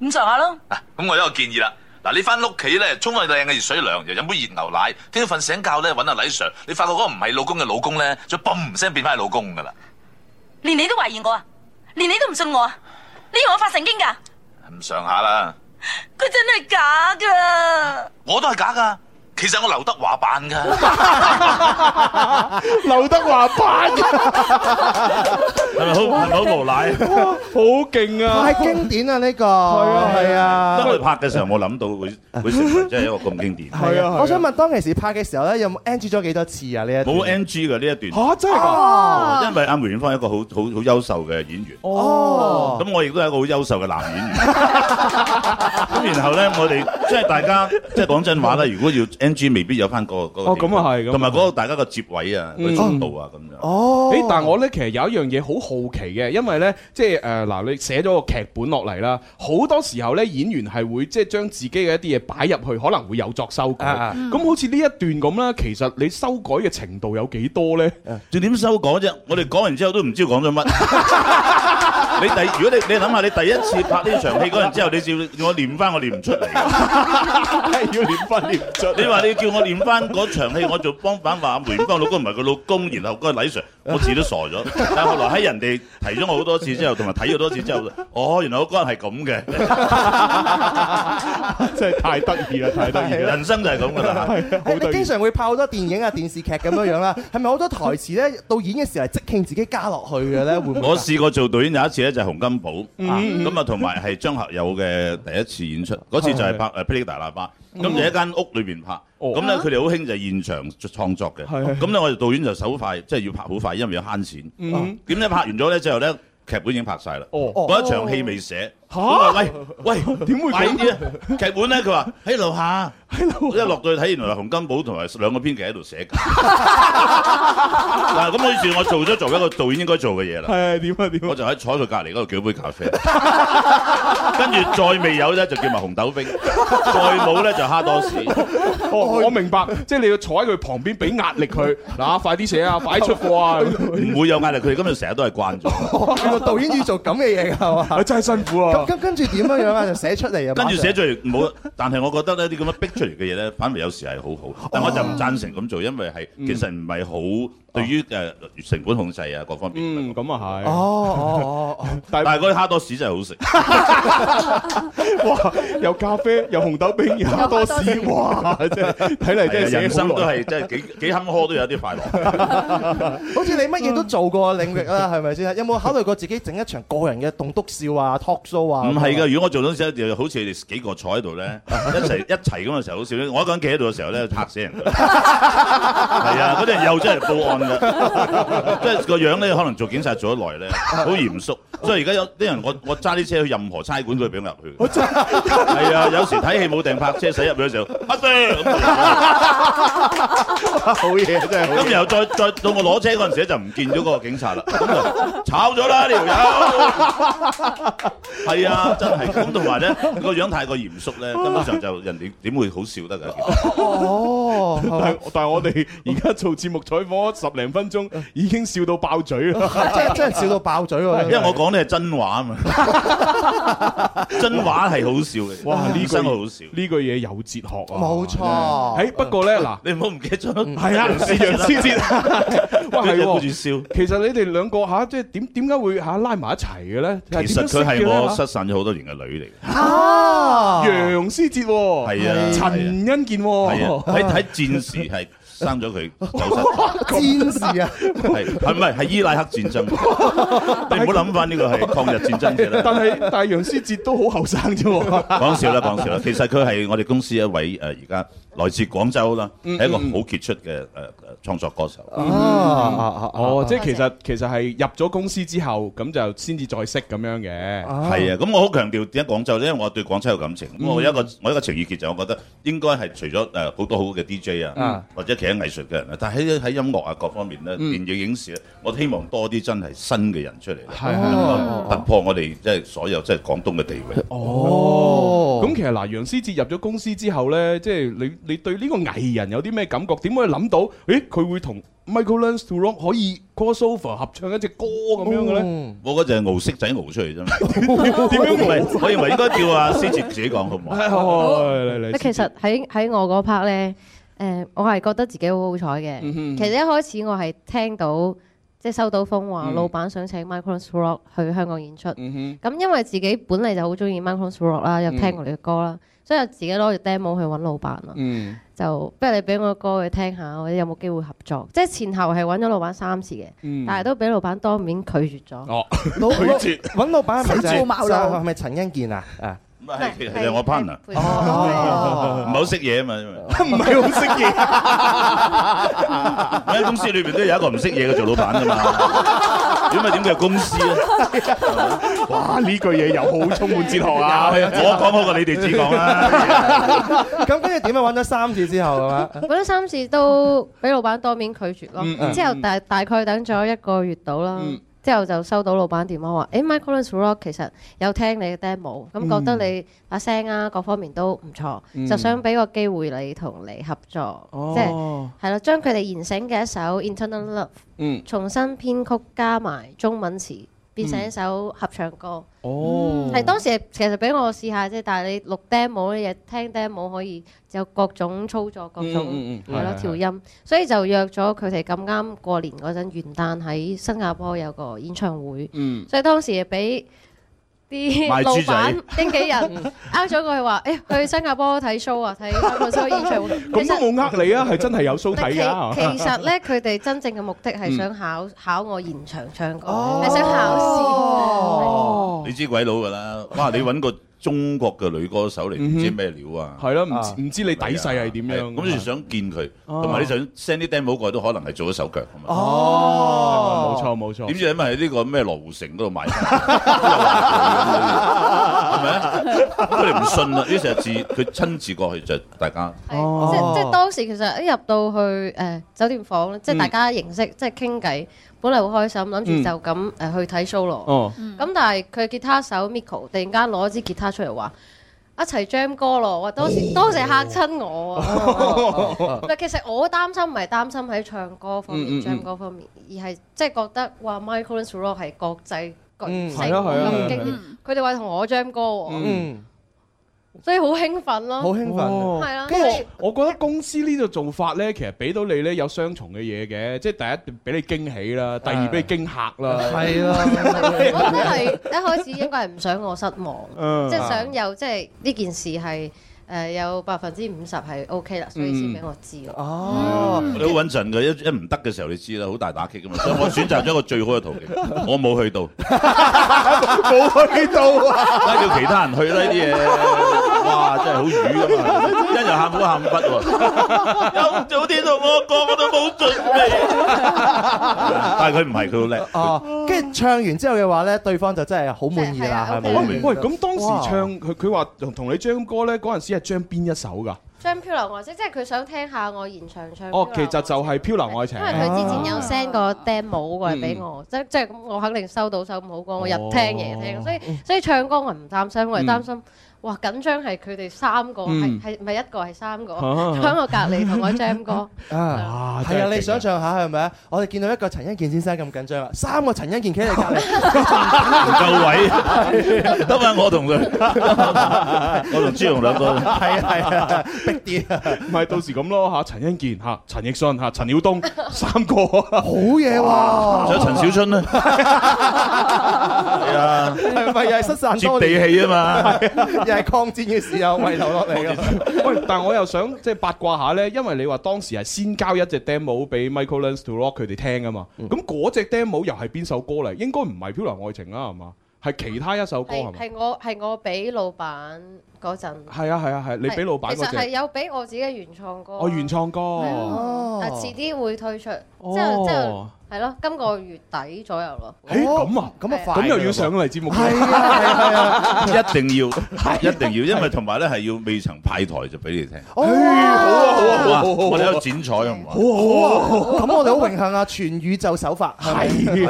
咁上下啦。咁我有一個建議啦。嗱，你翻屋企咧，沖個靚嘅熱水涼，又飲杯熱牛奶，聽到瞓醒覺咧，搵阿李 Sir，你發覺嗰個唔係老公嘅老公咧，就嘣聲變翻係老公噶啦，連你都懷疑我啊，連你都唔信我啊，你以為我發神經噶，咁上下啦，佢真係假噶，我都係假噶。其實我劉德華版噶，劉德華版噶，係咪，好好無賴，好勁啊！係經典啊呢個，係啊係啊。當佢拍嘅時候，我諗到佢佢說話真係一個咁經典。係啊，我想問，當其時拍嘅時候咧，有冇 NG 咗幾多次啊？呢一冇 NG 嘅呢一段。哦真係噶，因為阿梅艷芳係一個好好好優秀嘅演員。哦，咁我亦都係一個好優秀嘅男演員。咁然後咧，我哋即係大家即係講真話啦，如果要。NG 未必有翻、嗰個，同埋嗰個大家個接位啊，角度、嗯、啊咁樣。哦，誒，但係我咧其實有一樣嘢好好奇嘅，因為咧即係誒嗱，你寫咗個劇本落嚟啦，好多時候咧演員係會即係將自己嘅一啲嘢擺入去，可能會有作修改。咁好似呢一段咁啦，其實你修改嘅程度有幾多咧？仲點修改啫？我哋講完之後都唔知講咗乜。 (laughs) 你第如果你你諗下，你第一次拍呢場戲嗰陣之後，你叫我念翻，我念唔出嚟嘅。要念翻念唔著。你話你叫我念翻嗰場戲，我做幫反話梅艷芳老公，唔係佢老公，然後嗰個黎 Sir，我自都傻咗。但係後來喺人哋提咗我好多次之後，同埋睇咗多次之後，哦，原來嗰個人係咁嘅，真係太得意啦！太得意啦！人生就係咁噶啦。係啊。你經常會拍好多電影啊、電視劇咁樣樣啦，係咪好多台詞咧？導演嘅時候即興自己加落去嘅咧？會唔會？我試過做導演有一次咧。就係洪金寶，咁啊同埋係張學友嘅第一次演出，嗰次就係拍誒霹靂大喇叭，咁就喺間屋裏邊拍，咁咧佢哋好興就現場創作嘅，咁咧我哋導演就手快，即係要拍好快，因為要慳錢，點咧拍完咗咧之後咧，劇本已經拍晒啦，嗰一場戲未寫。嚇！喂喂，點會畀啲咧？劇本咧，佢話喺樓下，喺度。一落到去睇原來，同埋洪金寶同埋兩個編劇喺度寫。嗱，咁嗰時我做咗做一個導演應該做嘅嘢啦。係啊，點啊點？我就喺坐喺佢隔離嗰度叫杯咖啡，跟住再未有咧就叫埋紅豆冰，再冇咧就蝦多士。我我明白，即係你要坐喺佢旁邊俾壓力佢嗱，快啲寫啊，快出貨啊！唔會有壓力，佢哋今日成日都係慣咗。導演要做咁嘅嘢㗎係嘛？真係辛苦喎！ (laughs) 跟跟住點樣樣就寫出嚟啊！ (laughs) 跟住寫出嚟冇， (laughs) 但係我覺得呢啲咁樣逼出嚟嘅嘢咧，反而有時係好好。但我就唔贊成咁做，因為係、嗯、其實唔係好。對於誒成本控制啊，各方面嗯，咁啊係哦哦，哦，但係嗰啲蝦多士真係好食， (laughs) 哇！有咖啡，有紅豆冰，有蝦多士，蝦多士哇！真係睇嚟即係人生都係真係幾幾坎坷，都有啲快樂。 (laughs) 好似你乜嘢都做過領域啦，係咪先？有冇考慮過自己整一場個人嘅棟篤笑啊、talk show 啊？唔係噶，如果我做咗之後，好似你哋幾個坐喺度咧，一齊一齊咁嘅時候好笑咧。我一個人企喺度嘅時候咧，嚇死人係啊！嗰啲 (laughs) 人又真係報案。即係個樣咧，可能做警察做得耐咧，好嚴肅。所以而家有啲人，我我揸啲車去任何差館，佢都俾我入去。係啊，有時睇戲冇定泊車，駛入去嘅時候，阿 Sir 好嘢，真係。咁然後再再到我攞車嗰陣時，就唔見咗個警察啦，炒咗啦呢條友。係 (laughs) 啊，真係。咁同埋咧，個樣太過嚴肅咧，根本上就人哋點會好笑得㗎？哦， (laughs) (laughs) 但但係我哋而家做節目採訪十零分鐘已經笑到爆嘴啊！真係即係笑到爆嘴喎！因為我講嘅係真話啊嘛，真話係好笑嘅。哇！呢句好笑，呢句嘢有哲學啊！冇錯。誒，不過咧嗱，你唔好唔記得咗，係啊，係楊斯捷。哇，係喎，其實你哋兩個吓，即係點點解會嚇拉埋一齊嘅咧？其實佢係我失散咗好多年嘅女嚟嘅。啊，楊斯捷係啊，陳欣健啊！喺睇戰事係。生咗佢走曬戰事啊，係係唔係係伊拉克戰爭？但唔好諗翻呢個係抗日戰爭嘅啦。但係但係楊斯捷都好後生啫喎。講笑啦，講笑啦，其實佢係我哋公司一位誒而家。呃來自廣州啦，係一個好傑出嘅誒誒創作歌手。哦，即係其實其實係入咗公司之後，咁就先至再識咁樣嘅。係啊，咁我好強調點解廣州咧，因為我對廣州有感情。咁我一個我一個情意結就，我覺得應該係除咗誒好多好嘅 DJ 啊，或者其他藝術嘅人啦，但係喺喺音樂啊各方面咧，電影影視咧，我希望多啲真係新嘅人出嚟，突破我哋即係所有即係廣東嘅地位。哦，咁其實嗱，楊斯捷入咗公司之後咧，即係你。你對呢個藝人有啲咩感覺？點可以諗到？誒，佢會同 Michael Learns to Rock 可以 cover 合唱一隻歌咁樣嘅咧？我覺得就係熬色仔熬出嚟啫。點樣唔係？我認為應該叫阿斯捷自己講好唔好？啊，其實喺喺我嗰 part 咧，誒，我係覺得自己好好彩嘅。其實一開始我係聽到即係收到風話，老闆想請 Michael Learns to Rock 去香港演出。咁因為自己本嚟就好中意 Michael Learns to Rock 啦，又聽過佢嘅歌啦。所以自己攞住 demo 去揾老闆咯，就不如你俾我個歌去聽下，或者有冇機會合作？即係前後係揾咗老闆三次嘅，但係都俾老闆當面拒絕咗。哦，拒絕揾老闆咪係咪陳欣健啊？唔係，係我 partner，唔係好識嘢啊嘛，因為唔係好識嘢。喺公司裏邊都有一個唔識嘢嘅做老闆㗎嘛。點解點解有公司啊！ (laughs) 哇，呢句嘢又好充滿哲學啊！ (laughs) 我講好過你哋自講啦。咁跟住點解揾咗三次之後啊？揾咗三次都俾老闆當面拒絕咯。之、嗯、後大大概等咗一個月到啦。嗯之後就收到老闆電話話，誒 Michael Learns To Rock 其實有聽你嘅 demo 咁、嗯、覺得你把聲啊各方面都唔錯，嗯、就想俾個機會你同你合作，哦、即係係咯，將佢哋現成嘅一首《Internal Love》嗯、重新編曲加埋中文詞。變成一首合唱歌，係、哦、當時其實俾我試下啫，但係你錄 demo 嘅嘢，聽 demo 可以有各種操作，各種係咯調音，的所以就約咗佢哋咁啱過年嗰陣元旦喺新加坡有個演唱會，嗯、所以當時俾。啲老闆闆、 (laughs) 經紀人呃咗佢話，誒、哎、去新加坡睇 show 啊，睇個 show 現、啊、場。咁都冇呃你啊，係真係有 show 睇㗎。其實咧，佢哋真正嘅目的係想考、嗯、考我現場唱歌，係、哦、想考試。哦、是你知鬼佬㗎啦，哇！你揾個。 (laughs) 中國嘅女歌手嚟，唔知咩料啊！係咯、嗯，唔唔、啊、知你底細係點樣？咁你想見佢，同埋你想 send 啲 demo 過去，都可能係做咗手腳係咪、哦、啊嘛！哦、啊，冇錯冇錯。點知係咪喺呢個咩羅湖城嗰度買？係咪啊？佢哋唔信啊，呢是就自佢親自過去就大家。哦、啊，即即當時其實一入到去誒、呃、酒店房，即大家認識，嗯、即傾偈。本嚟好開心，諗住就咁誒去睇 show。咁但係佢吉他手 Miko 突然間攞支吉他出嚟話一齊 Jam 歌咯，我當時當時嚇親我。唔其實我擔心唔係擔心喺唱歌方面 Jam 歌方面，而係即係覺得哇 Michael Learns To Rock 係國際巨星咁經典，佢哋話同我 Jam 歌。所以好興奮咯！好興奮，係啊，跟住、哦嗯、我覺得公司呢個做法呢，其實俾到你呢有雙重嘅嘢嘅，即係第一俾你驚喜啦，哎、第二俾你驚嚇啦。係啊，啊啊啊我覺得係一開始應該係唔想我失望，即係、嗯、想有即係呢件事係。誒、uh, 有百分之五十係 OK 啦，所以先俾我知哦。好穩陣嘅，一一唔得嘅時候你知啦，好大打擊噶嘛。所以 (laughs) 我選擇咗一個最好嘅途徑，我冇去到，冇 (laughs) (laughs) 去到啊！拉住其他人去啦呢啲嘢，哇！真係好瘀咁嘛！一日喊苦喊忽、啊。又 (laughs) 早啲同我講我都冇準備， (laughs) (laughs) (laughs) 但係佢唔係，佢好叻。哦，跟住、 (music) 嗯呃、唱完之後嘅話咧，對方就真係好滿意啦，係咪、 (music) okay. 啊？喂，咁當時唱佢，佢話同你張歌咧嗰陣時。唱邊一首㗎？唱《漂流愛情》，即係佢想聽下我現場唱。哦，其實就係《漂流愛情》。因為佢之前有 send 個 demo 過嚟俾我，啊、即即係咁，我肯定收到首咁好歌，哦、我日聽夜聽。所以所以唱歌我唔擔心，我係擔心、嗯。哇！緊張係佢哋三個，係係咪一個係三個喺我隔離同我 Jam 哥？哇！係啊，你想象下係咪啊？我哋見到一個陳欣健先生咁緊張，三個陳欣健企喺你隔離，唔夠位，得唔得？我同佢，我同朱紅兩個，係啊係啊，逼啲。唔係到時咁咯吓，陳欣健吓，陳奕迅吓，陳曉東三個，好嘢喎！仲有陳小春啊？係啊，唔係又係失散接地氣啊嘛～又係抗戰嘅時候遺留落嚟嘅。喂， (laughs) 但係我又想即係、就是、八卦下咧，因為你話當時係先交一隻 demo 俾 Michael Learns To Rock 佢哋聽啊嘛，咁嗰隻 demo 又係邊首歌嚟？應該唔係《漂流愛情》啦，係嘛？係其他一首歌係咪？係我係我俾老闆嗰陣。係啊係啊係、啊，你俾老闆嗰隻。其實係有俾我自己嘅原創歌。哦，原創歌、啊、哦，但係遲啲會推出，即係、哦、即係。係咯，今個月底左右咯。咁、欸、啊，咁 (music) 啊快，咁又要上嚟節目嘅？係啊係啊， (laughs) 一定要，一定要，因為同埋咧係要未曾派台就俾你聽。哦，好啊好啊，或者有剪彩係好啊。咁我哋好榮幸啊，全宇宙首發係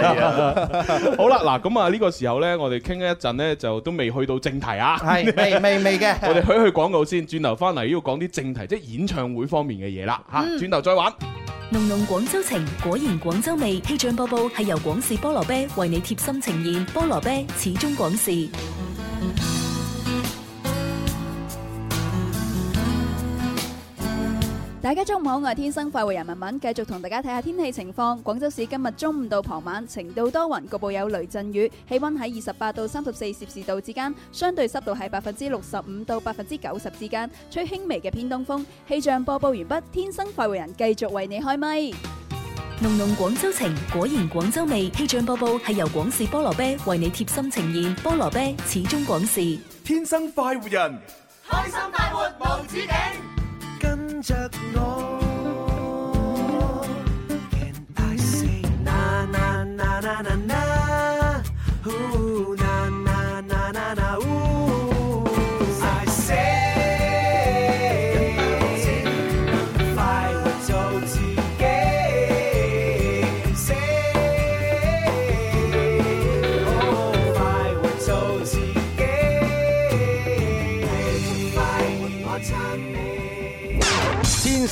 好啦，嗱咁啊呢個時候咧，我哋傾一陣咧就都未去到正題啊。 (laughs) (laughs) 係， (music) 未未未嘅。 (laughs) 我哋去去廣告先，轉頭翻嚟要講啲正題，即係演唱會方面嘅嘢啦吓，轉頭、嗯、再玩。濃濃廣州情，果然廣州味。氣象播報係由廣視菠蘿啤為你貼心呈現，菠蘿啤始終廣視。大家中午好，我係天生快活人文文，繼續同大家睇下天氣情況。廣州市今日中午到傍晚晴到多雲，局部有雷陣雨，氣溫喺二十八到三十四攝氏度之間，相對濕度係百分之六十五到百分之九十之間，吹輕微嘅偏東風。氣象播報完畢，天生快活人繼續為你開咪。濃濃廣州情，果然廣州味。氣象播報係由廣氏菠蘿啤為你貼心呈現，菠蘿啤始終廣氏，天生快活人，開心快活無止境，跟着我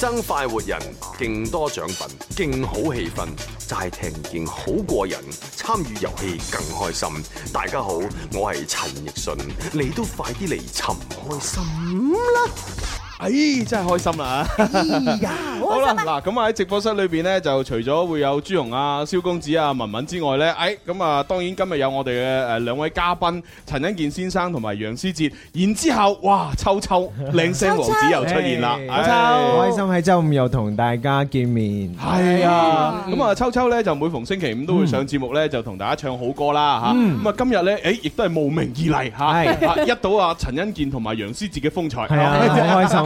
生快活人，勁多獎品，勁好氣氛，齋聽見好過癮，參與遊戲更開心。大家好，我係陳奕迅，你都快啲嚟尋開心啦！哎，真係開心啦！好啦，嗱咁啊喺直播室裏邊咧，就除咗會有朱容啊、蕭公子啊、文文之外咧，哎咁啊，當然今日有我哋嘅誒兩位嘉賓陳欣健先生同埋楊斯捷，然之後哇，秋秋靚聲王子又出現啦！秋秋，開心喺周五又同大家見面，係啊，咁啊秋秋咧就每逢星期五都會上節目咧，就同大家唱好歌啦吓。咁啊今日咧，誒亦都係慕名而嚟吓，一睹啊陳欣健同埋楊斯捷嘅風采，係啊，好開心。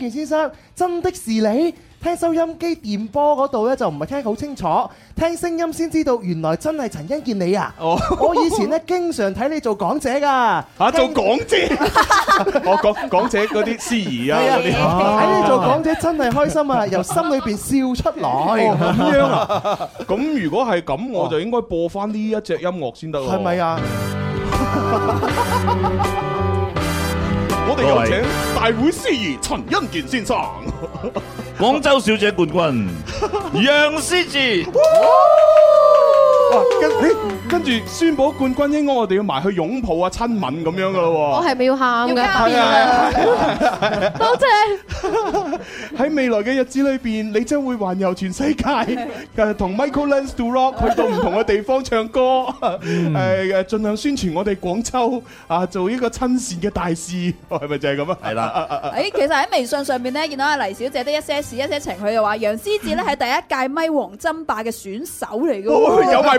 健先生真的是你，聽收音機電波嗰度咧就唔係聽好清楚，聽聲音先知道原來真係陳欣健你啊！我以前咧經常睇你做港姐噶，吓做港姐，我港港姐嗰啲司儀啊，睇你做港姐真係開心啊，由心裏邊笑出來，咁樣啊？咁如果係咁，我就應該播翻呢一隻音樂先得喎，係咪啊？我哋有請大會司儀陳欣健先生，廣 (laughs) 州小姐冠軍楊 (laughs) 斯捷。 (laughs) 跟，跟、欸、住宣布冠軍，應該我哋要埋去擁抱親啊、親吻咁樣噶咯。我係咪要喊噶？係啊，多謝。喺未來嘅日子裏邊，你將會環遊全世界，同 (laughs) Michael Learns to Rock 去到唔同嘅地方唱歌，誒誒，盡量宣傳我哋廣州啊，做呢個親善嘅大使，係咪就係咁啊？係啦。誒，其實喺微信上面咧，見到阿黎小姐的一些事、一些情，佢就話楊斯捷咧係第一屆咪王爭霸嘅選手嚟噶。 (laughs) 有埋。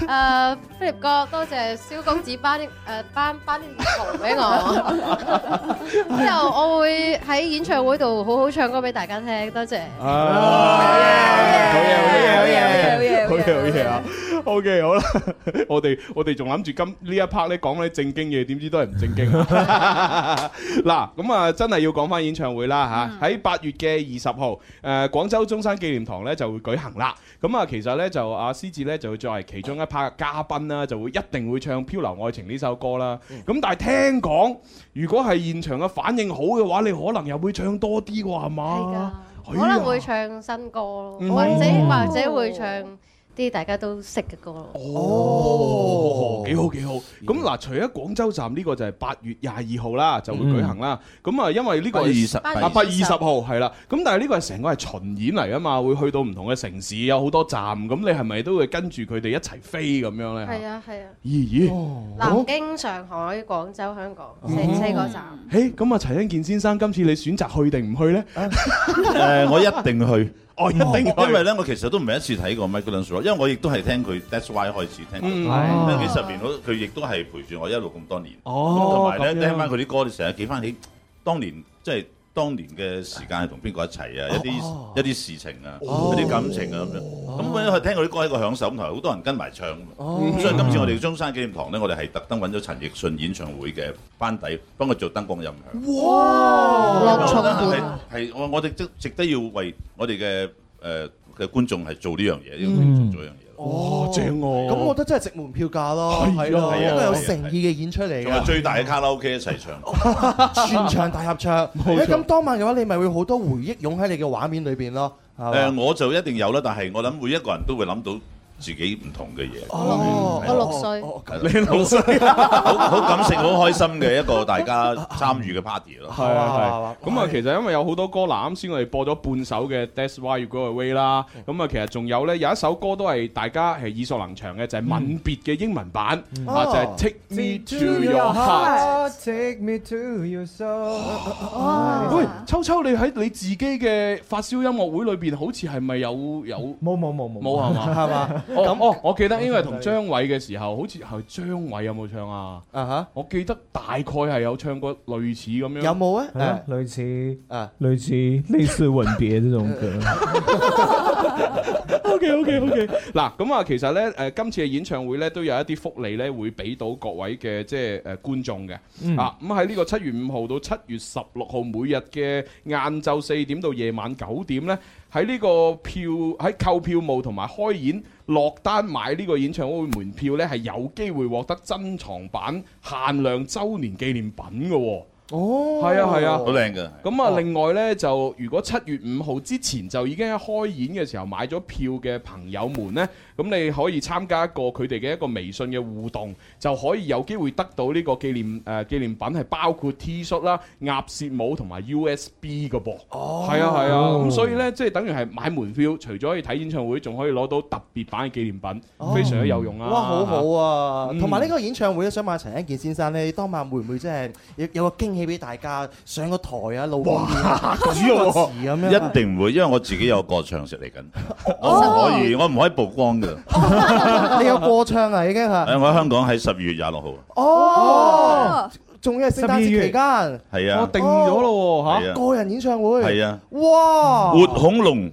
誒，Philip 哥，多謝蕭公子頒啲誒，頒頒啲圖俾我，之後我會喺演唱會度好好唱歌俾大家聽，多謝。好嘢，好嘢，好嘢，好嘢，好嘢，好嘢，好嘢，好嘢啊！O K，好啦，我哋我哋仲諗住今呢一 part 咧講啲正經嘢，點知都係唔正經。嗱，咁啊，真係要講翻演唱會啦吓，喺八月嘅二十號，誒，廣州中山紀念堂咧就會舉行啦。咁啊，其實咧就阿獅子咧就再係其中一。拍嘉賓啦，就會一定會唱《漂流愛情》呢首歌啦。咁、嗯、但係聽講，如果係現場嘅反應好嘅話，你可能又會唱多啲啩係嗎？係㗎，的哎、呀 可能會唱新歌咯，哦、或者或者會唱。啲大家都識嘅歌咯。哦，幾好幾好。咁嗱，除咗廣州站呢個就係八月廿二號啦，就會舉行啦。咁啊，因為呢個八月二十號係啦。咁但係呢個係成個係巡演嚟啊嘛，會去到唔同嘅城市，有好多站。咁你係咪都會跟住佢哋一齊飛咁樣呢？係啊係啊。咦？咦，南京、上海、廣州、香港，四個站。誒，咁啊，陳欣健先生，今次你選擇去定唔去呢？誒，我一定去。哦，一定、嗯，因為咧，嗎我其實都唔係一次睇過《Michael Learns To Rock》，因為我，我亦都係聽佢 That's Why 開始聽佢，聽幾十年，佢亦都係陪住我一路咁多年。哦，咁同埋咧，這樣 聽翻佢啲歌，你成日記翻起當年，即係。當年嘅時間係同邊個一齊啊？一啲一啲事情啊，哦、一啲感情啊咁、哦、樣。咁樣去聽佢啲歌係一個享受咁，同埋好多人跟埋唱。咁、哦、所以今次我哋中山紀念堂咧，我哋係特登揾咗陳奕迅演唱會嘅班底幫佢做燈光音響。哇！立場我我哋值值得要為我哋嘅誒嘅觀眾係做呢樣嘢，做呢樣嘢。哦，正咁、啊、我覺得真係值門票價咯，係咯，一個有誠意嘅演出嚟，仲有最大嘅卡拉 OK 一齊唱， (laughs) 全場大合唱，咁 (laughs) 錯、嗯、當晚嘅話，你咪會好多回憶湧喺你嘅畫面裏邊咯。誒、呃，我就一定有啦，但係我諗每一個人都會諗到。自己唔同嘅嘢。哦，我六歲，你六歲，好好感性，好開心嘅一個大家參與嘅 party 咯。係啊，咁啊，其實因為有好多歌啦，啱先我哋播咗半首嘅 That's Why You Go Away 啦，咁啊，其實仲有咧有一首歌都係大家係耳熟能詳嘅，就係吻別嘅英文版，啊，就係 Take Me to Your Heart，Take Me to Your Soul。喂，秋秋，你喺你自己嘅發燒音樂會裏邊，好似係咪有有？冇冇冇冇冇，係嘛？係嘛？哦樣哦，我記得因為同張偉嘅時候，好似係張偉有冇唱啊？啊哈、uh！Huh. 我記得大概係有唱過類似咁樣、uh。有冇啊？係類似啊、uh huh，類似類似吻別呢種歌。OK OK OK，嗱咁啊，其實咧誒，今次嘅演唱會咧都有一啲福利咧，會俾到各位嘅即係誒觀眾嘅、嗯、啊。咁喺呢個七月五號到七月十六號，每日嘅晏晝四點到夜晚九點咧，喺呢個票喺購票務同埋開演。落單買呢個演唱會門票呢，係有機會獲得珍藏版限量周年紀念品嘅喎。哦，係啊，係啊，好靚㗎。咁、嗯、啊，另外呢，就，如果七月五號之前就已經喺開演嘅時候買咗票嘅朋友們呢，咁你可以參加一個佢哋嘅一個微信嘅互動，就可以有機會得到呢個紀念誒、呃、紀念品，係包括 T 恤啦、鴨舌帽同埋 USB 嘅噃。哦，係啊，係啊。咁、啊嗯、所以呢，即係等於係買門票，除咗可以睇演唱會，仲可以攞到特別版嘅紀念品，哦、非常有用啊。哇，好好啊！同埋呢個演唱會咧，想問阿陳欣健先生咧，你當晚會唔會即係有個驚？起俾大家上個台啊，露面啊，主持咁樣，一定唔會，因為我自己有個唱食嚟緊，我唔可以，我唔可以曝光噶。你有個唱啊，已經吓。誒，我喺香港喺十二月廿六號。哦，仲要係聖誕節期間。係啊，我定咗咯，吓個人演唱會。係啊，哇，活恐龍。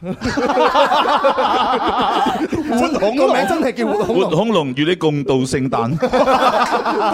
哈活恐龍個名真係叫活恐龍，活恐龍與你共度聖誕。個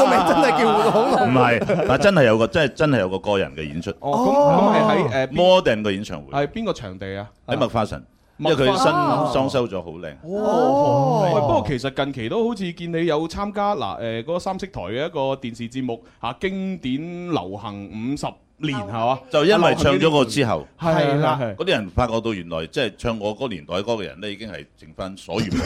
名真係叫活恐龍，唔係，但真係有個，真係真係有個個人嘅演出。哦，咁係喺誒 Modern 嘅演唱會。係邊個場地啊？喺麥花臣，啊、因為佢新裝、啊、修咗好靚。哦哦、不過其實近期都好似見你有參加嗱，誒、呃嗰個三色台嘅一個電視節目，吓、啊、經典流行五十。年後啊，就因為唱咗個之後，係啦，嗰啲人發覺到原來即係唱我嗰個年代歌嘅人咧，已經係剩翻所餘無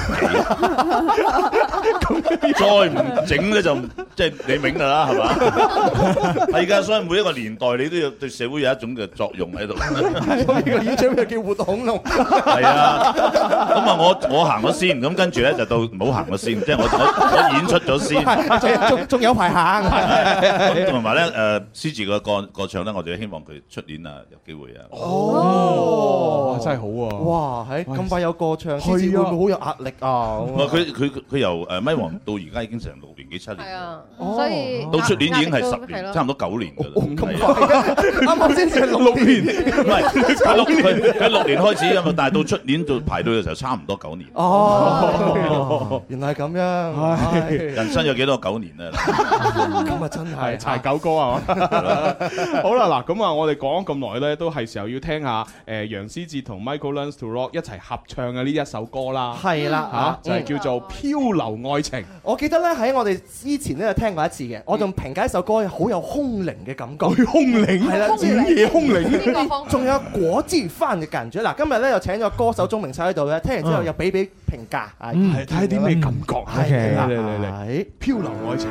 幾。再唔整咧就即係你明㗎啦，係嘛？係，而家所以每一個年代你都要對社會有一種嘅作用喺度。呢個演唱會叫活動恐龍。係啊，咁啊，我我行咗先，咁跟住咧就到唔好行咗先，即係我我我演出咗先。仲仲有排行。同埋咧，誒獅子個個唱。咁咧，我哋希望佢出年啊有機會啊！哦，真係好喎！哇，係咁快有歌唱，係啊！會唔會好有壓力啊？唔係佢佢佢由誒米王到而家已經成六年幾七年，係啊！所以到出年已經係十，係咯，差唔多九年嘅啦。咁快啱啱先十六年，唔係六年，係六年開始㗎嘛，但係到出年就排隊嘅時候差唔多九年。哦，原來係咁樣，人生有幾多九年咧？今日真係柴九哥係嘛？好啦，嗱咁啊，我哋講咁耐咧，都係時候要聽下誒楊斯捷同 Michael Learns to Rock 一齊合唱嘅呢一首歌啦。係啦，吓就係叫做《漂流愛情》。我記得咧，喺我哋之前咧有聽過一次嘅，我仲評價一首歌好有空靈嘅感覺，空靈係啦，即係空靈，空靈。仲有果汁翻嘅格人主，嗱今日咧又請咗歌手鍾明秀喺度咧，聽完之後又俾俾評價，係睇下啲咩感覺？嚟嚟嚟，《漂流愛情》。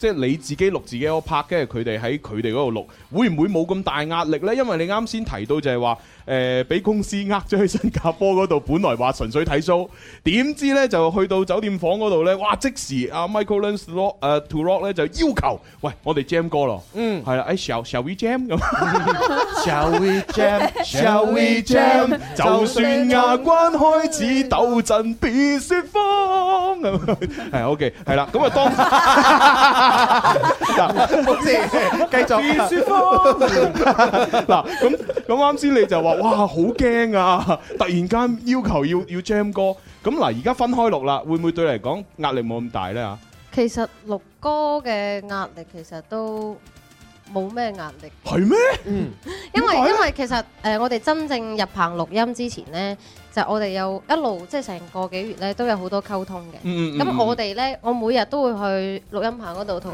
即係你自己錄自己個拍，跟住佢哋喺佢哋嗰度錄，會唔會冇咁大壓力咧？因為你啱先提到就係話，誒、呃、俾公司呃咗去新加坡嗰度，本來話純粹睇 show，點知咧就去到酒店房嗰度咧，哇！即時阿 Michael Learns To Rock 咧、呃、就要求，喂，我哋 Jam 歌咯，嗯，係啦，誒、哎、shall shall we Jam 咁 (laughs) (music) ？Shall we Jam？Shall we Jam？ (music) 就算牙關開始抖震，別説謊。係 OK，係啦，咁啊當。 (music) (music) 嗱，好先，繼續。別説謊。嗱，咁咁啱先，你就話，哇，好驚啊！突然間要求要要 Jam 歌，咁嗱，而家分開錄啦，會唔會對你嚟講壓力冇咁大咧吓？其實錄歌嘅壓力其實都冇咩壓力。係咩？嗯，因為因為其實誒，我哋真正入棚錄音之前咧。就我哋有一路即係成個幾月咧，都有好多溝通嘅。咁、嗯嗯、我哋咧，我每日都會去錄音棚嗰度同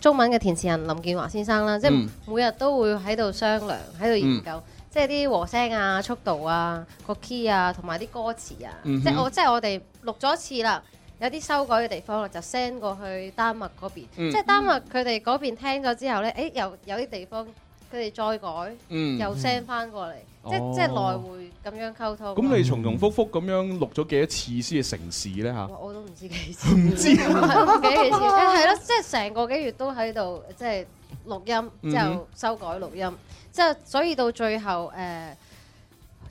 中文嘅填詞人林建華先生啦，嗯、即係每日都會喺度商量，喺度研究，嗯、即係啲和聲啊、速度啊、個 key 啊，同埋啲歌詞啊。嗯、即係我、嗯、即係我哋錄咗一次啦，有啲修改嘅地方咧，就 send 過去丹麥嗰邊。嗯嗯、即係丹麥佢哋嗰邊聽咗之後咧，誒、欸、又有啲地方佢哋再改，又 send 翻過嚟。嗯嗯即、哦、即係來回咁樣溝通，咁你重重複複咁樣錄咗幾多次先嘅成事呢吓？我都唔知幾次，唔知幾次，係咯， (laughs) (laughs) 即係成個幾月都喺度即係錄音，嗯、哼之後修改錄音，之後所以到最後誒、呃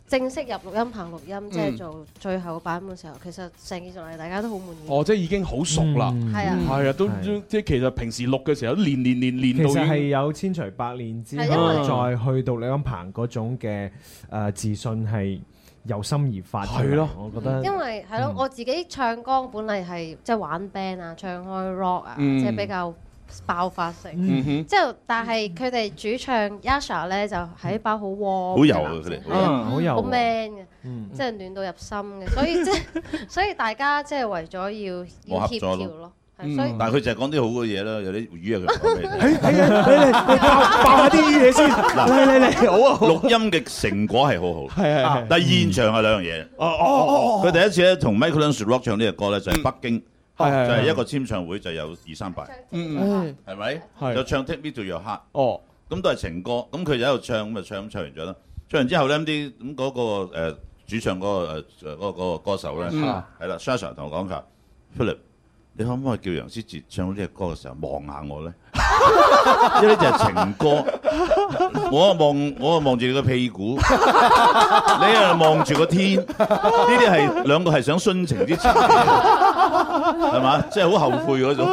正式入錄音棚錄音，即係做最後版本嘅時候，其實成件事嚟大家都好滿意。哦，即係已經好熟啦，係啊，係啊，都即係其實平時錄嘅時候都練練練練到。其實係有千錘百鍊之後，因為，再去到錄音棚嗰種嘅誒自信係由心而發。係咯，我覺得。因為係咯，我自己唱歌本嚟係即係玩 band 啊，唱開 rock 啊，即係比較。爆發性，即後，但係佢哋主唱 Yasha 咧就係一包好 w 好油啊佢哋，好油，好 man 嘅，即係暖到入心嘅，所以即係所以大家即係為咗要要貼條咯，但係佢就係講啲好嘅嘢啦，有啲魚啊，爆爆下啲嘢先，嚟你你好啊！錄音嘅成果係好好，係係，但係現場係兩樣嘢，哦哦，佢第一次咧同 Michael Schur 唱呢個歌咧就係北京。就係一個簽唱會，就有二三百，嗯嗯，係咪？係。就唱 Take Me To Your Heart，哦，咁都係情歌。咁佢就喺度唱，咁咪唱咁唱完咗啦。唱完之後咧，啲咁嗰個誒主唱嗰個誒嗰歌手咧，係啦，Shasha 同我講下，Philip，你可唔可以叫楊斯捷唱呢隻歌嘅時候望下我咧？呢啲就係情歌，我啊望我啊望住你個屁股，你啊望住個天，呢啲係兩個係想殉情之前。係嘛，即係好後悔嗰種，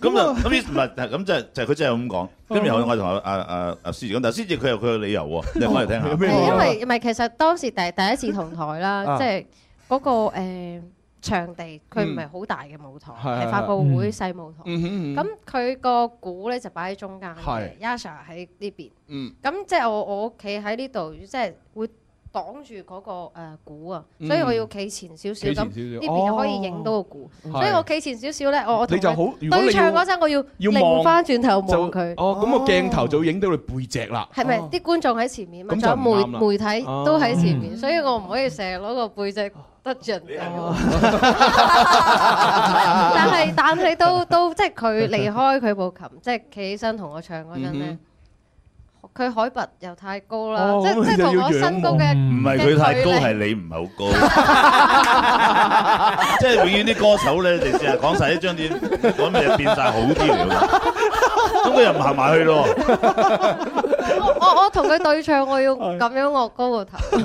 咁就咁亦唔係，咁即係就佢真係咁講。咁然後我同阿阿阿斯捷講，但斯捷佢有佢嘅理由喎。你講嚟聽下，因為唔係其實當時第第一次同台啦，即係嗰個誒場地，佢唔係好大嘅舞台，係發佈會細舞台。咁佢個鼓咧就擺喺中間，Yasir 喺呢邊。咁即係我我企喺呢度，即係會。擋住嗰個鼓啊，所以我要企前少少，咁呢邊又可以影到個鼓，所以我企前少少咧，我同你對唱嗰陣，我要要擰翻轉頭望佢。哦，咁個鏡頭就影到佢背脊啦。係咪啲觀眾喺前面，仲有媒媒體都喺前面，所以我唔可以成日攞個背脊得罪人哋。但係但係都都即係佢離開佢部琴，即係企起身同我唱嗰陣咧。佢海拔又太高啦，哦、即即同我身高嘅唔係佢太高，係你唔係好高， (laughs) (laughs) (laughs) 即係永遠啲歌手咧就 (laughs) 成日講晒一張臉，講嘢變曬好啲，咁佢又唔行埋去咯。 (laughs) 我同佢對唱，我要咁樣樂高個頭，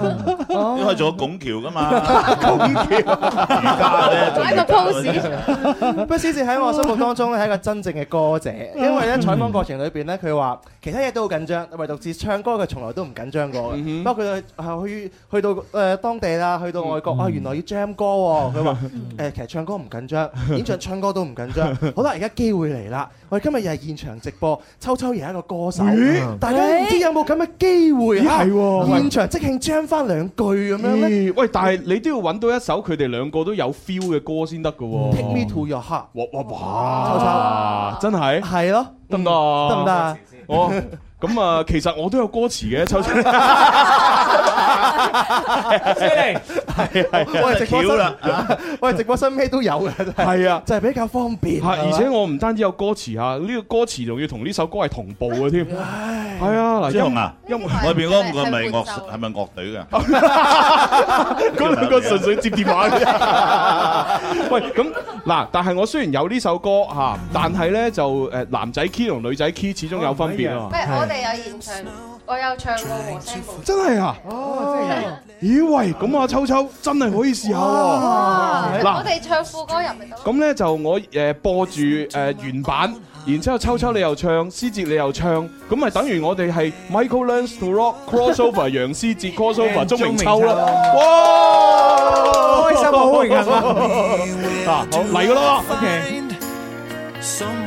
(laughs) 因為做拱橋噶嘛， (laughs) 拱橋而家 (laughs) 呢，擺個 pose。不過斯捷喺我心目當中咧係一個真正嘅歌者， (laughs) 因為咧採訪過程裏邊咧，佢話其他嘢都好緊張，唯獨至唱歌佢從來都唔緊張過。不過佢去去，去到誒、呃、當地啦，去到外國、mm hmm. 啊，原來要 jam 歌喎、哦。佢話誒其實唱歌唔緊張，演唱唱歌都唔緊張。 (laughs) 好啦，而家機會嚟啦，我哋今日又係現場直播，秋秋而係一個歌手，mm hmm. 大家個咁嘅機會啊，現場即興將翻兩句咁樣咧？嗯、喂，但係你都要揾到一首佢哋兩個都有 feel 嘅歌先得嘅喎。Take me to your heart，哇哇哇！秋秋，真係，係咯，得唔得？得唔得啊？哦，咁的啊，其實我都有歌詞嘅，秋 (laughs) 秋。 (laughs) (laughs) 犀利，我係。直播啦，喂，直播新咩都有嘅，係啊，就係比較方便。而且我唔單止有歌詞啊，呢個歌詞仲要同呢首歌係同步嘅添。係啊，嗱，音樂音樂，外邊嗰個咪樂係咪樂隊噶？兩個純粹接電話。喂，咁嗱，但係我雖然有呢首歌吓，但係咧就誒男仔 key 同女仔 key 始終有分別啊。唔係，我哋有現場。我又唱過聲，真係啊！真咦喂，咁啊，秋秋真係可以試下喎。嗱，我哋唱副歌入嚟，都咁咧，就我誒播住誒原版，然之後秋秋你又唱，思捷你又唱，咁咪等於我哋係 Michael Learns to Rock，Crossover，s 楊思捷 Crossover，s 鐘明秋啦。哇！開心好型啊！嗱，嚟個啦～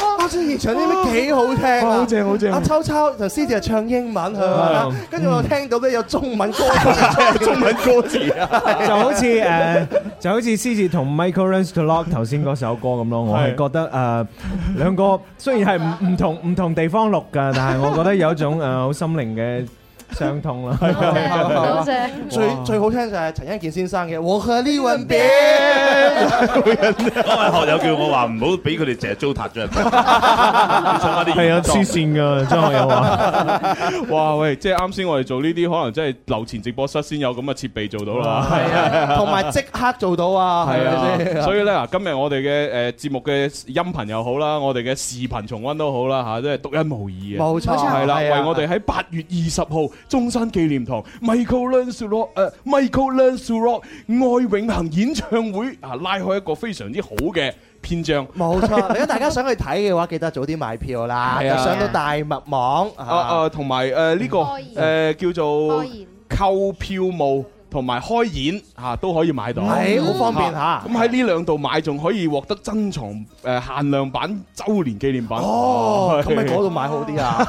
知現場唱啲咩幾好聽，好正，好正！阿秋秋同斯捷係唱英文，啊，係咪？啊、跟住我聽到咧有中文歌聽， (laughs) 中文歌詞啊， (laughs) 對 就好似誒，uh, 就好似斯捷同 Michael Learns To Rock 頭先嗰首歌咁咯。 (laughs) 我係覺得誒、uh, (laughs) 兩個雖然係唔唔同唔 (laughs) 同地方錄㗎，但係我覺得有一種誒好、uh, 心靈嘅。傷痛啦，係多謝最最好聽就係陳欣健先生嘅《我和你吻別》。我阿學友叫我話唔好俾佢哋成日糟蹋咗，人。翻係啊，黐線㗎！張學友話：，哇喂，即係啱先我哋做呢啲，可能真係流前直播室先有咁嘅設備做到啦。係啊，同埋即刻做到啊！係啊，所以咧嗱，今日我哋嘅誒節目嘅音頻又好啦，我哋嘅視頻重温都好啦嚇，即係獨一無二嘅。冇錯，係啦，為我哋喺八月二十號。中山紀念堂，Michael Learns to Rock，誒，Michael Learns to Rock 愛永恆演唱會啊，拉開一個非常之好嘅篇章。冇錯， (laughs) 如果大家想去睇嘅話，記得早啲買票啦。是啊、上到大麥網，啊啊，同埋誒呢個誒言、呃、叫做購言票務。同埋開演嚇都可以買到，係好方便嚇。咁喺呢兩度買仲可以獲得珍藏誒限量版周年紀念品。哦，咁咪嗰度買好啲啊！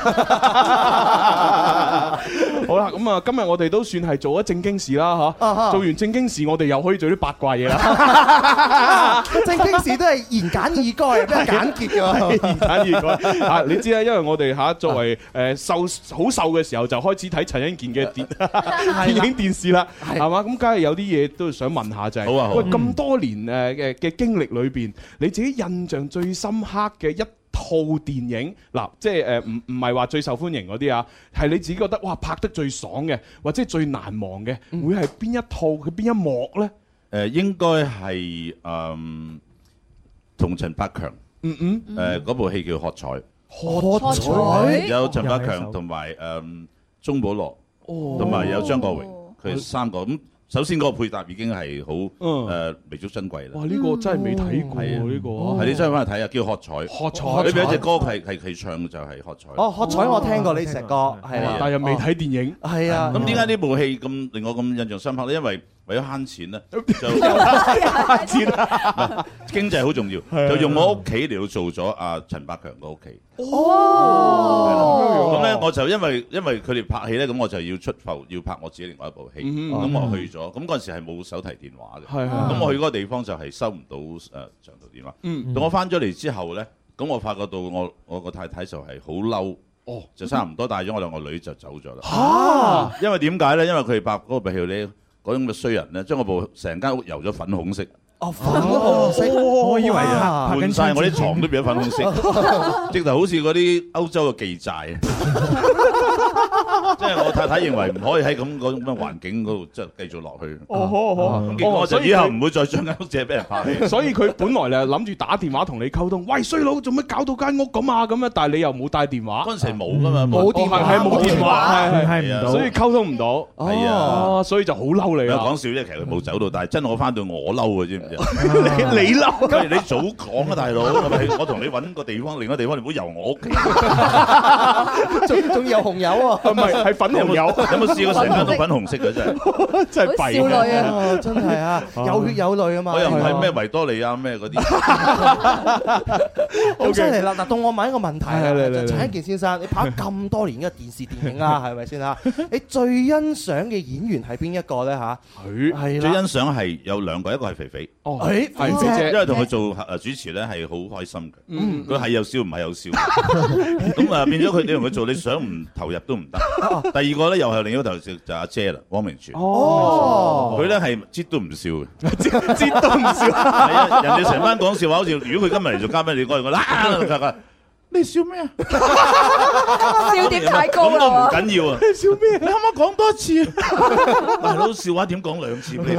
好啦，咁啊，今日我哋都算係做咗正經事啦吓，做完正經事，我哋又可以做啲八卦嘢啦。正經事都係言簡意賅，咩簡潔㗎喎？言簡意賅啊！你知啦，因為我哋嚇作為誒瘦好瘦嘅時候，就開始睇陳欣健嘅電電影電視啦。係嘛？咁梗係有啲嘢都想問下就係，是，好啊好啊，喂咁多年誒嘅嘅經歷裏邊，你自己印象最深刻嘅一套電影，嗱，即係誒唔唔係話最受歡迎嗰啲啊，係你自己覺得哇拍得最爽嘅，或者最難忘嘅，會係邊一套佢邊一幕咧？誒、呃、應該係誒、嗯、同陳百強，嗯嗯，誒嗰、呃、部戲叫《喝彩》，喝彩，彩，彩有陳百強同埋誒鐘保羅，同埋、哦、有，有張國榮。佢三個咁，首先嗰個配搭已經係好誒彌足珍貴啦。哇！呢個真係未睇過，呢個係你真係翻去睇下，叫《喝彩》，裏邊隻歌係係係唱就係《喝彩》。哦，《喝彩》我聽過呢隻歌，係啦，但又未睇電影。係啊，咁點解呢部戲咁令我咁印象深刻咧？因為為咗慳錢咧，就慳錢啊！經濟好重要，就用我屋企嚟到做咗阿陳百強個屋企。哦，咁咧我就因為因為佢哋拍戲咧，咁我就要出埠要拍我自己另外一部戲，咁我去咗。咁嗰陣時係冇手提電話嘅，咁我去嗰個地方就係收唔到誒長途電話。嗯，到我翻咗嚟之後咧，咁我發覺到我我個太太就係好嬲，就差唔多帶咗我兩個女就走咗啦。嚇！因為點解咧？因為佢哋拍嗰部戲咧。嗰種嘅衰人咧，將我部成間屋油咗粉紅色，哦，粉紅色，哦、哇我以為啊，哇換晒我啲床都變咗粉紅色，哇直頭好似嗰啲歐洲嘅記債啊！ (laughs) 我太太認為唔可以喺咁嗰種咁嘅環境度即係繼續落去。哦，好，好。我就以後唔會再將間屋借俾人拍戲。所以佢本來就諗住打電話同你溝通，喂，衰佬，做乜搞到間屋咁啊？咁啊！但係你又冇帶電話，嗰陣時冇㗎嘛，冇電話係冇電話，係係唔所以溝通唔到。係啊，所以就好嬲你啊！講笑啫，其實佢冇走到，但係真我翻到我嬲嘅啫，唔知你你嬲。不如你早講啊，大佬！我同你揾個地方，另一個地方，你唔好由我屋企，仲仲有由紅油啊，唔粉紅，有有冇試過成間都粉紅色嘅？真係真係弊㗎！有血有淚啊嘛！佢又唔係咩維多利亞咩嗰啲，好犀利啦！嗱，到我問一個問題啦，陳欣健先生，你拍咁多年嘅電視電影啊，係咪先啊？你最欣賞嘅演員係邊一個咧？吓？佢係啦，最欣賞係有兩個，一個係肥肥哦，肥姐，因為同佢做主持咧係好開心嘅，佢係有笑唔係有笑，咁啊變咗佢你同佢做你想唔投入都唔得。第二個呢，又係另一個頭是就就是、阿姐啦，汪明荃。哦，佢呢係接都唔笑，， (laughs) 笑，接接、 (laughs) 啊、都唔笑。人哋成班講笑話，好似如果佢今日嚟，就做嘉賓，你應該會。我我啦，係啊。你笑咩？笑點太高咯！咁都唔緊要啊！你笑咩？你可唔可以講多次？老笑話點講兩次畀你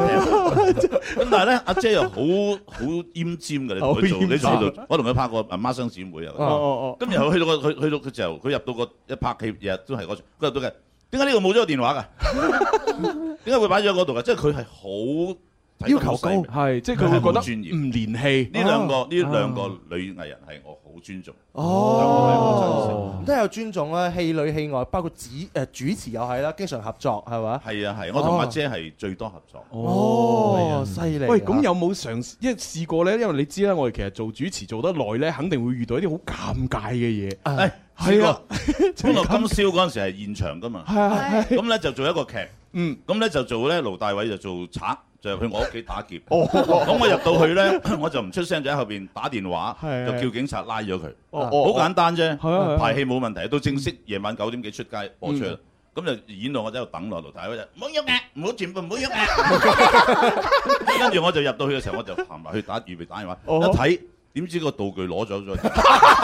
聽？咁但係咧，阿姐又好好奄尖嘅，你做呢？做我同佢拍過《孖生姊妹》啊！哦哦，跟住去到個佢去到嘅時候，佢入到個一拍戲日都係嗰，佢入到嘅點解呢個冇咗個電話㗎？點解會擺咗喺嗰度㗎？即係佢係好要求高，係即係佢覺得唔連戲。呢兩個呢兩個女藝人係我。好尊重哦，都係、oh, 有尊重啦，戲裏戲外，包括主誒、呃、主持又係啦，經常合作係嘛？係啊係，我同阿姐係最多合作。Oh, 啊、哦，犀利、啊！喂，咁有冇嘗一試，試過咧？因為你知啦，我哋其實做主持做得耐咧，肯定會遇到一啲好尷尬嘅嘢。誒、uh, 哎，試過《歡樂今宵》嗰陣時係現場㗎嘛？係係、啊，咁咧、啊啊啊、就做一個劇，嗯，咁咧就做咧盧大偉就做賊。就入去我屋企打劫，咁我入到去咧，我就唔出聲，就喺後邊打電話，就叫警察拉咗佢，好簡單啫。排戲冇問題，到正式夜晚九點幾出街播出啦。咁就演到我喺度等落度睇，我就唔好喐嘅，唔好全部唔好喐嘅。跟住我就入到去嘅時候，我就行埋去打預備打電話，一睇，點知個道具攞咗咗，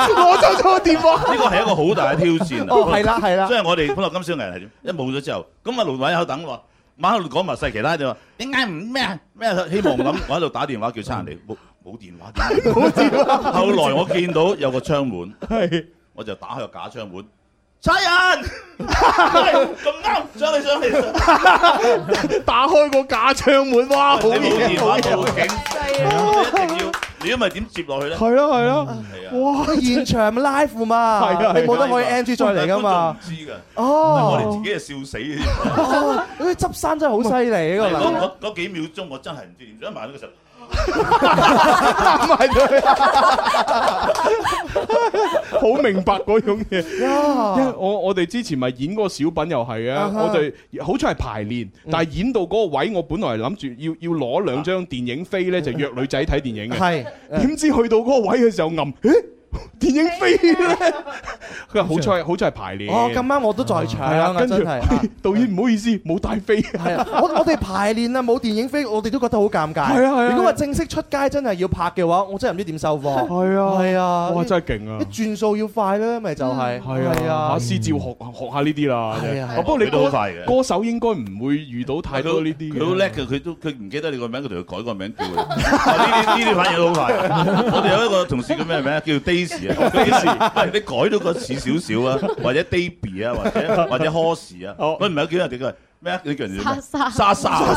攞走咗個電話。呢個係一個好大嘅挑戰。係啦係啦。即係我哋本來金宵嚟，一冇咗之後，咁啊盧偉喺度等我。晚黑講埋曬其他，就話點解唔咩咩希望諗我喺度打電話叫差人嚟，冇冇電話？電話，電話 (laughs) 後來我見到有個窗門，是我就打開個假窗門，差人咁啱、 (laughs) 哎、上嚟、上嚟， (laughs) 打開個假窗門哇！好嘢，好勁，人啊、你一定要你因為點接落去咧？係咯係咯。啊嗯啊、哇！是現場咪 live 嘛，啊啊、你冇得可以 NG 再嚟噶嘛。啊、知㗎。哦，我哋自己係笑死。嗰啲執生真係好犀利是啊！嗰幾秒鐘我真係唔知，一萬嗰時候。打埋佢， (laughs) 跟著他笑好明白嗰種嘢。我我哋之前咪演嗰個小品又係啊，我哋好彩係排練，但係演到嗰個位，我本來諗住要要攞兩張電影飛呢，就約女仔睇電影。係，點知去到嗰個位嘅時候暗。電影飛咧，佢話好彩，好彩係排練。哦，咁啱我都在場。係啊，跟住導演唔好意思，冇帶飛。係啊，我我哋排練啦，冇電影飛，我哋都覺得好尷尬。係啊係啊。如果話正式出街真係要拍嘅話，我真係唔知點收貨。係啊係啊。哇，真係勁啊！啲轉數要快啦，咪就係係啊。阿師照學學下呢啲啦。係啊。不過你都好快嘅歌手應該唔會遇到太多呢啲。佢都叻嘅，佢都佢唔記得你個名，佢同佢改個名，叫佢。呢啲呢啲反應都好快。我哋有一個同事叫咩名？叫 D。啲、 (laughs) 啊、事啊， (laughs) (music) 你改咗個似少少啊，或者 Debbie 啊，或者或者哈士、哦、啊，唔係有幾多幾個。咩呢啊？莎莎，莎莎，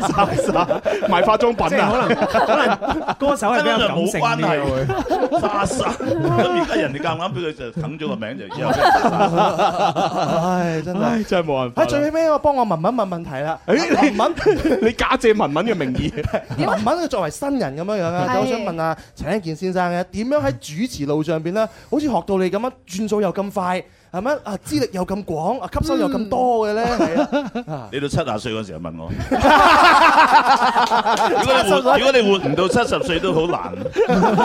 莎莎，賣化妝品啊？即係可能，可能歌手係咩咁成年會？莎莎咁而家人哋啱啱俾佢就啃咗個名就。唉，真係真係冇辦法。最尾我幫我文文問問題啦。誒，文文，你假借文文嘅名義？文文佢作為新人咁樣樣啊，我想問下陳欣健先生嘅點樣喺主持路上邊咧，好似學到你咁樣，轉數又咁快。係咪啊？資歷又咁廣啊吸收又咁多嘅咧？係啊，你到七十歲嗰陣時問我，如果你活如果你活唔到七十歲都好難，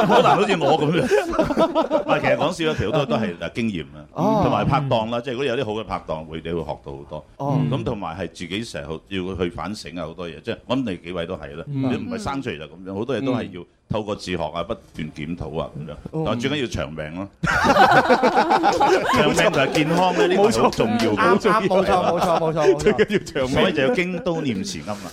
好難好似我咁樣。但其實講笑啊，其實好多都係經驗啊，同埋拍檔啦，即係如果有啲好嘅拍檔，會你會學到好多。哦，咁同埋係自己成日要去反省啊，好多嘢，即係我諗你幾位都係啦，你唔係生出嚟就咁樣，好多嘢都係要。透過自學啊，不斷檢討啊咁樣，但最緊要長命咯。長命同埋健康冇呢重要嘅。冇錯冇錯冇錯，最緊要長命。就要京都念慈庵啊，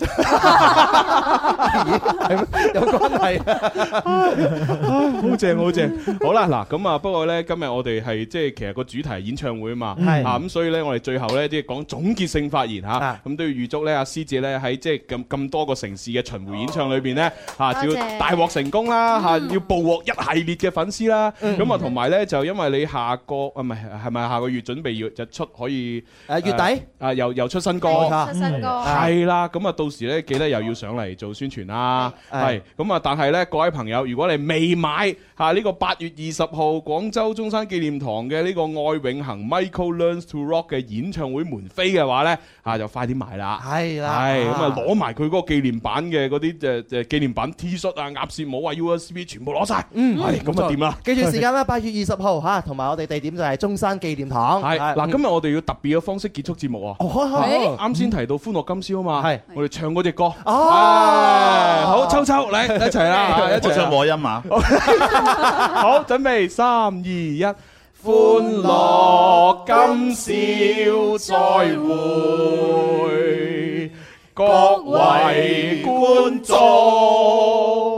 有關係啊。好正好正，好啦嗱，咁啊不過咧，今日我哋係即係其實個主題係演唱會啊嘛，啊咁所以咧，我哋最後咧即係講總結性發言嚇，咁都要預祝咧阿師姐咧喺即係咁咁多個城市嘅巡迴演唱裏邊咧嚇，只要大獲成。成功啦嚇！要捕獲一系列嘅粉絲啦，咁啊同埋咧就因為你下個啊唔係，係咪下個月準備要日出，可以誒月底啊，又又出新歌，出新歌係啦，咁啊到時咧記得又要上嚟做宣傳啦，係咁啊！但係咧各位朋友，如果你未買嚇呢個八月二十號廣州中山紀念堂嘅呢個愛永恆 Michael Learns to Rock 嘅演唱會門飛嘅話咧啊，就快啲買啦，係啦，係咁啊攞埋佢嗰個紀念版嘅嗰啲誒誒紀念版 T 恤啊鴨舌。冇話 USB 全部攞晒，嗯，係咁就掂啦。記住時間啦，八月二十號嚇，同埋我哋地點就係中山紀念堂。係嗱，今日我哋要特別嘅方式結束節目啊！啱先提到《歡樂今宵》啊嘛，係我哋唱嗰隻歌。哦，好，秋秋嚟一齊啦，一齊唱和音嚇。好，準備三二一，歡樂今宵再會，各位觀眾。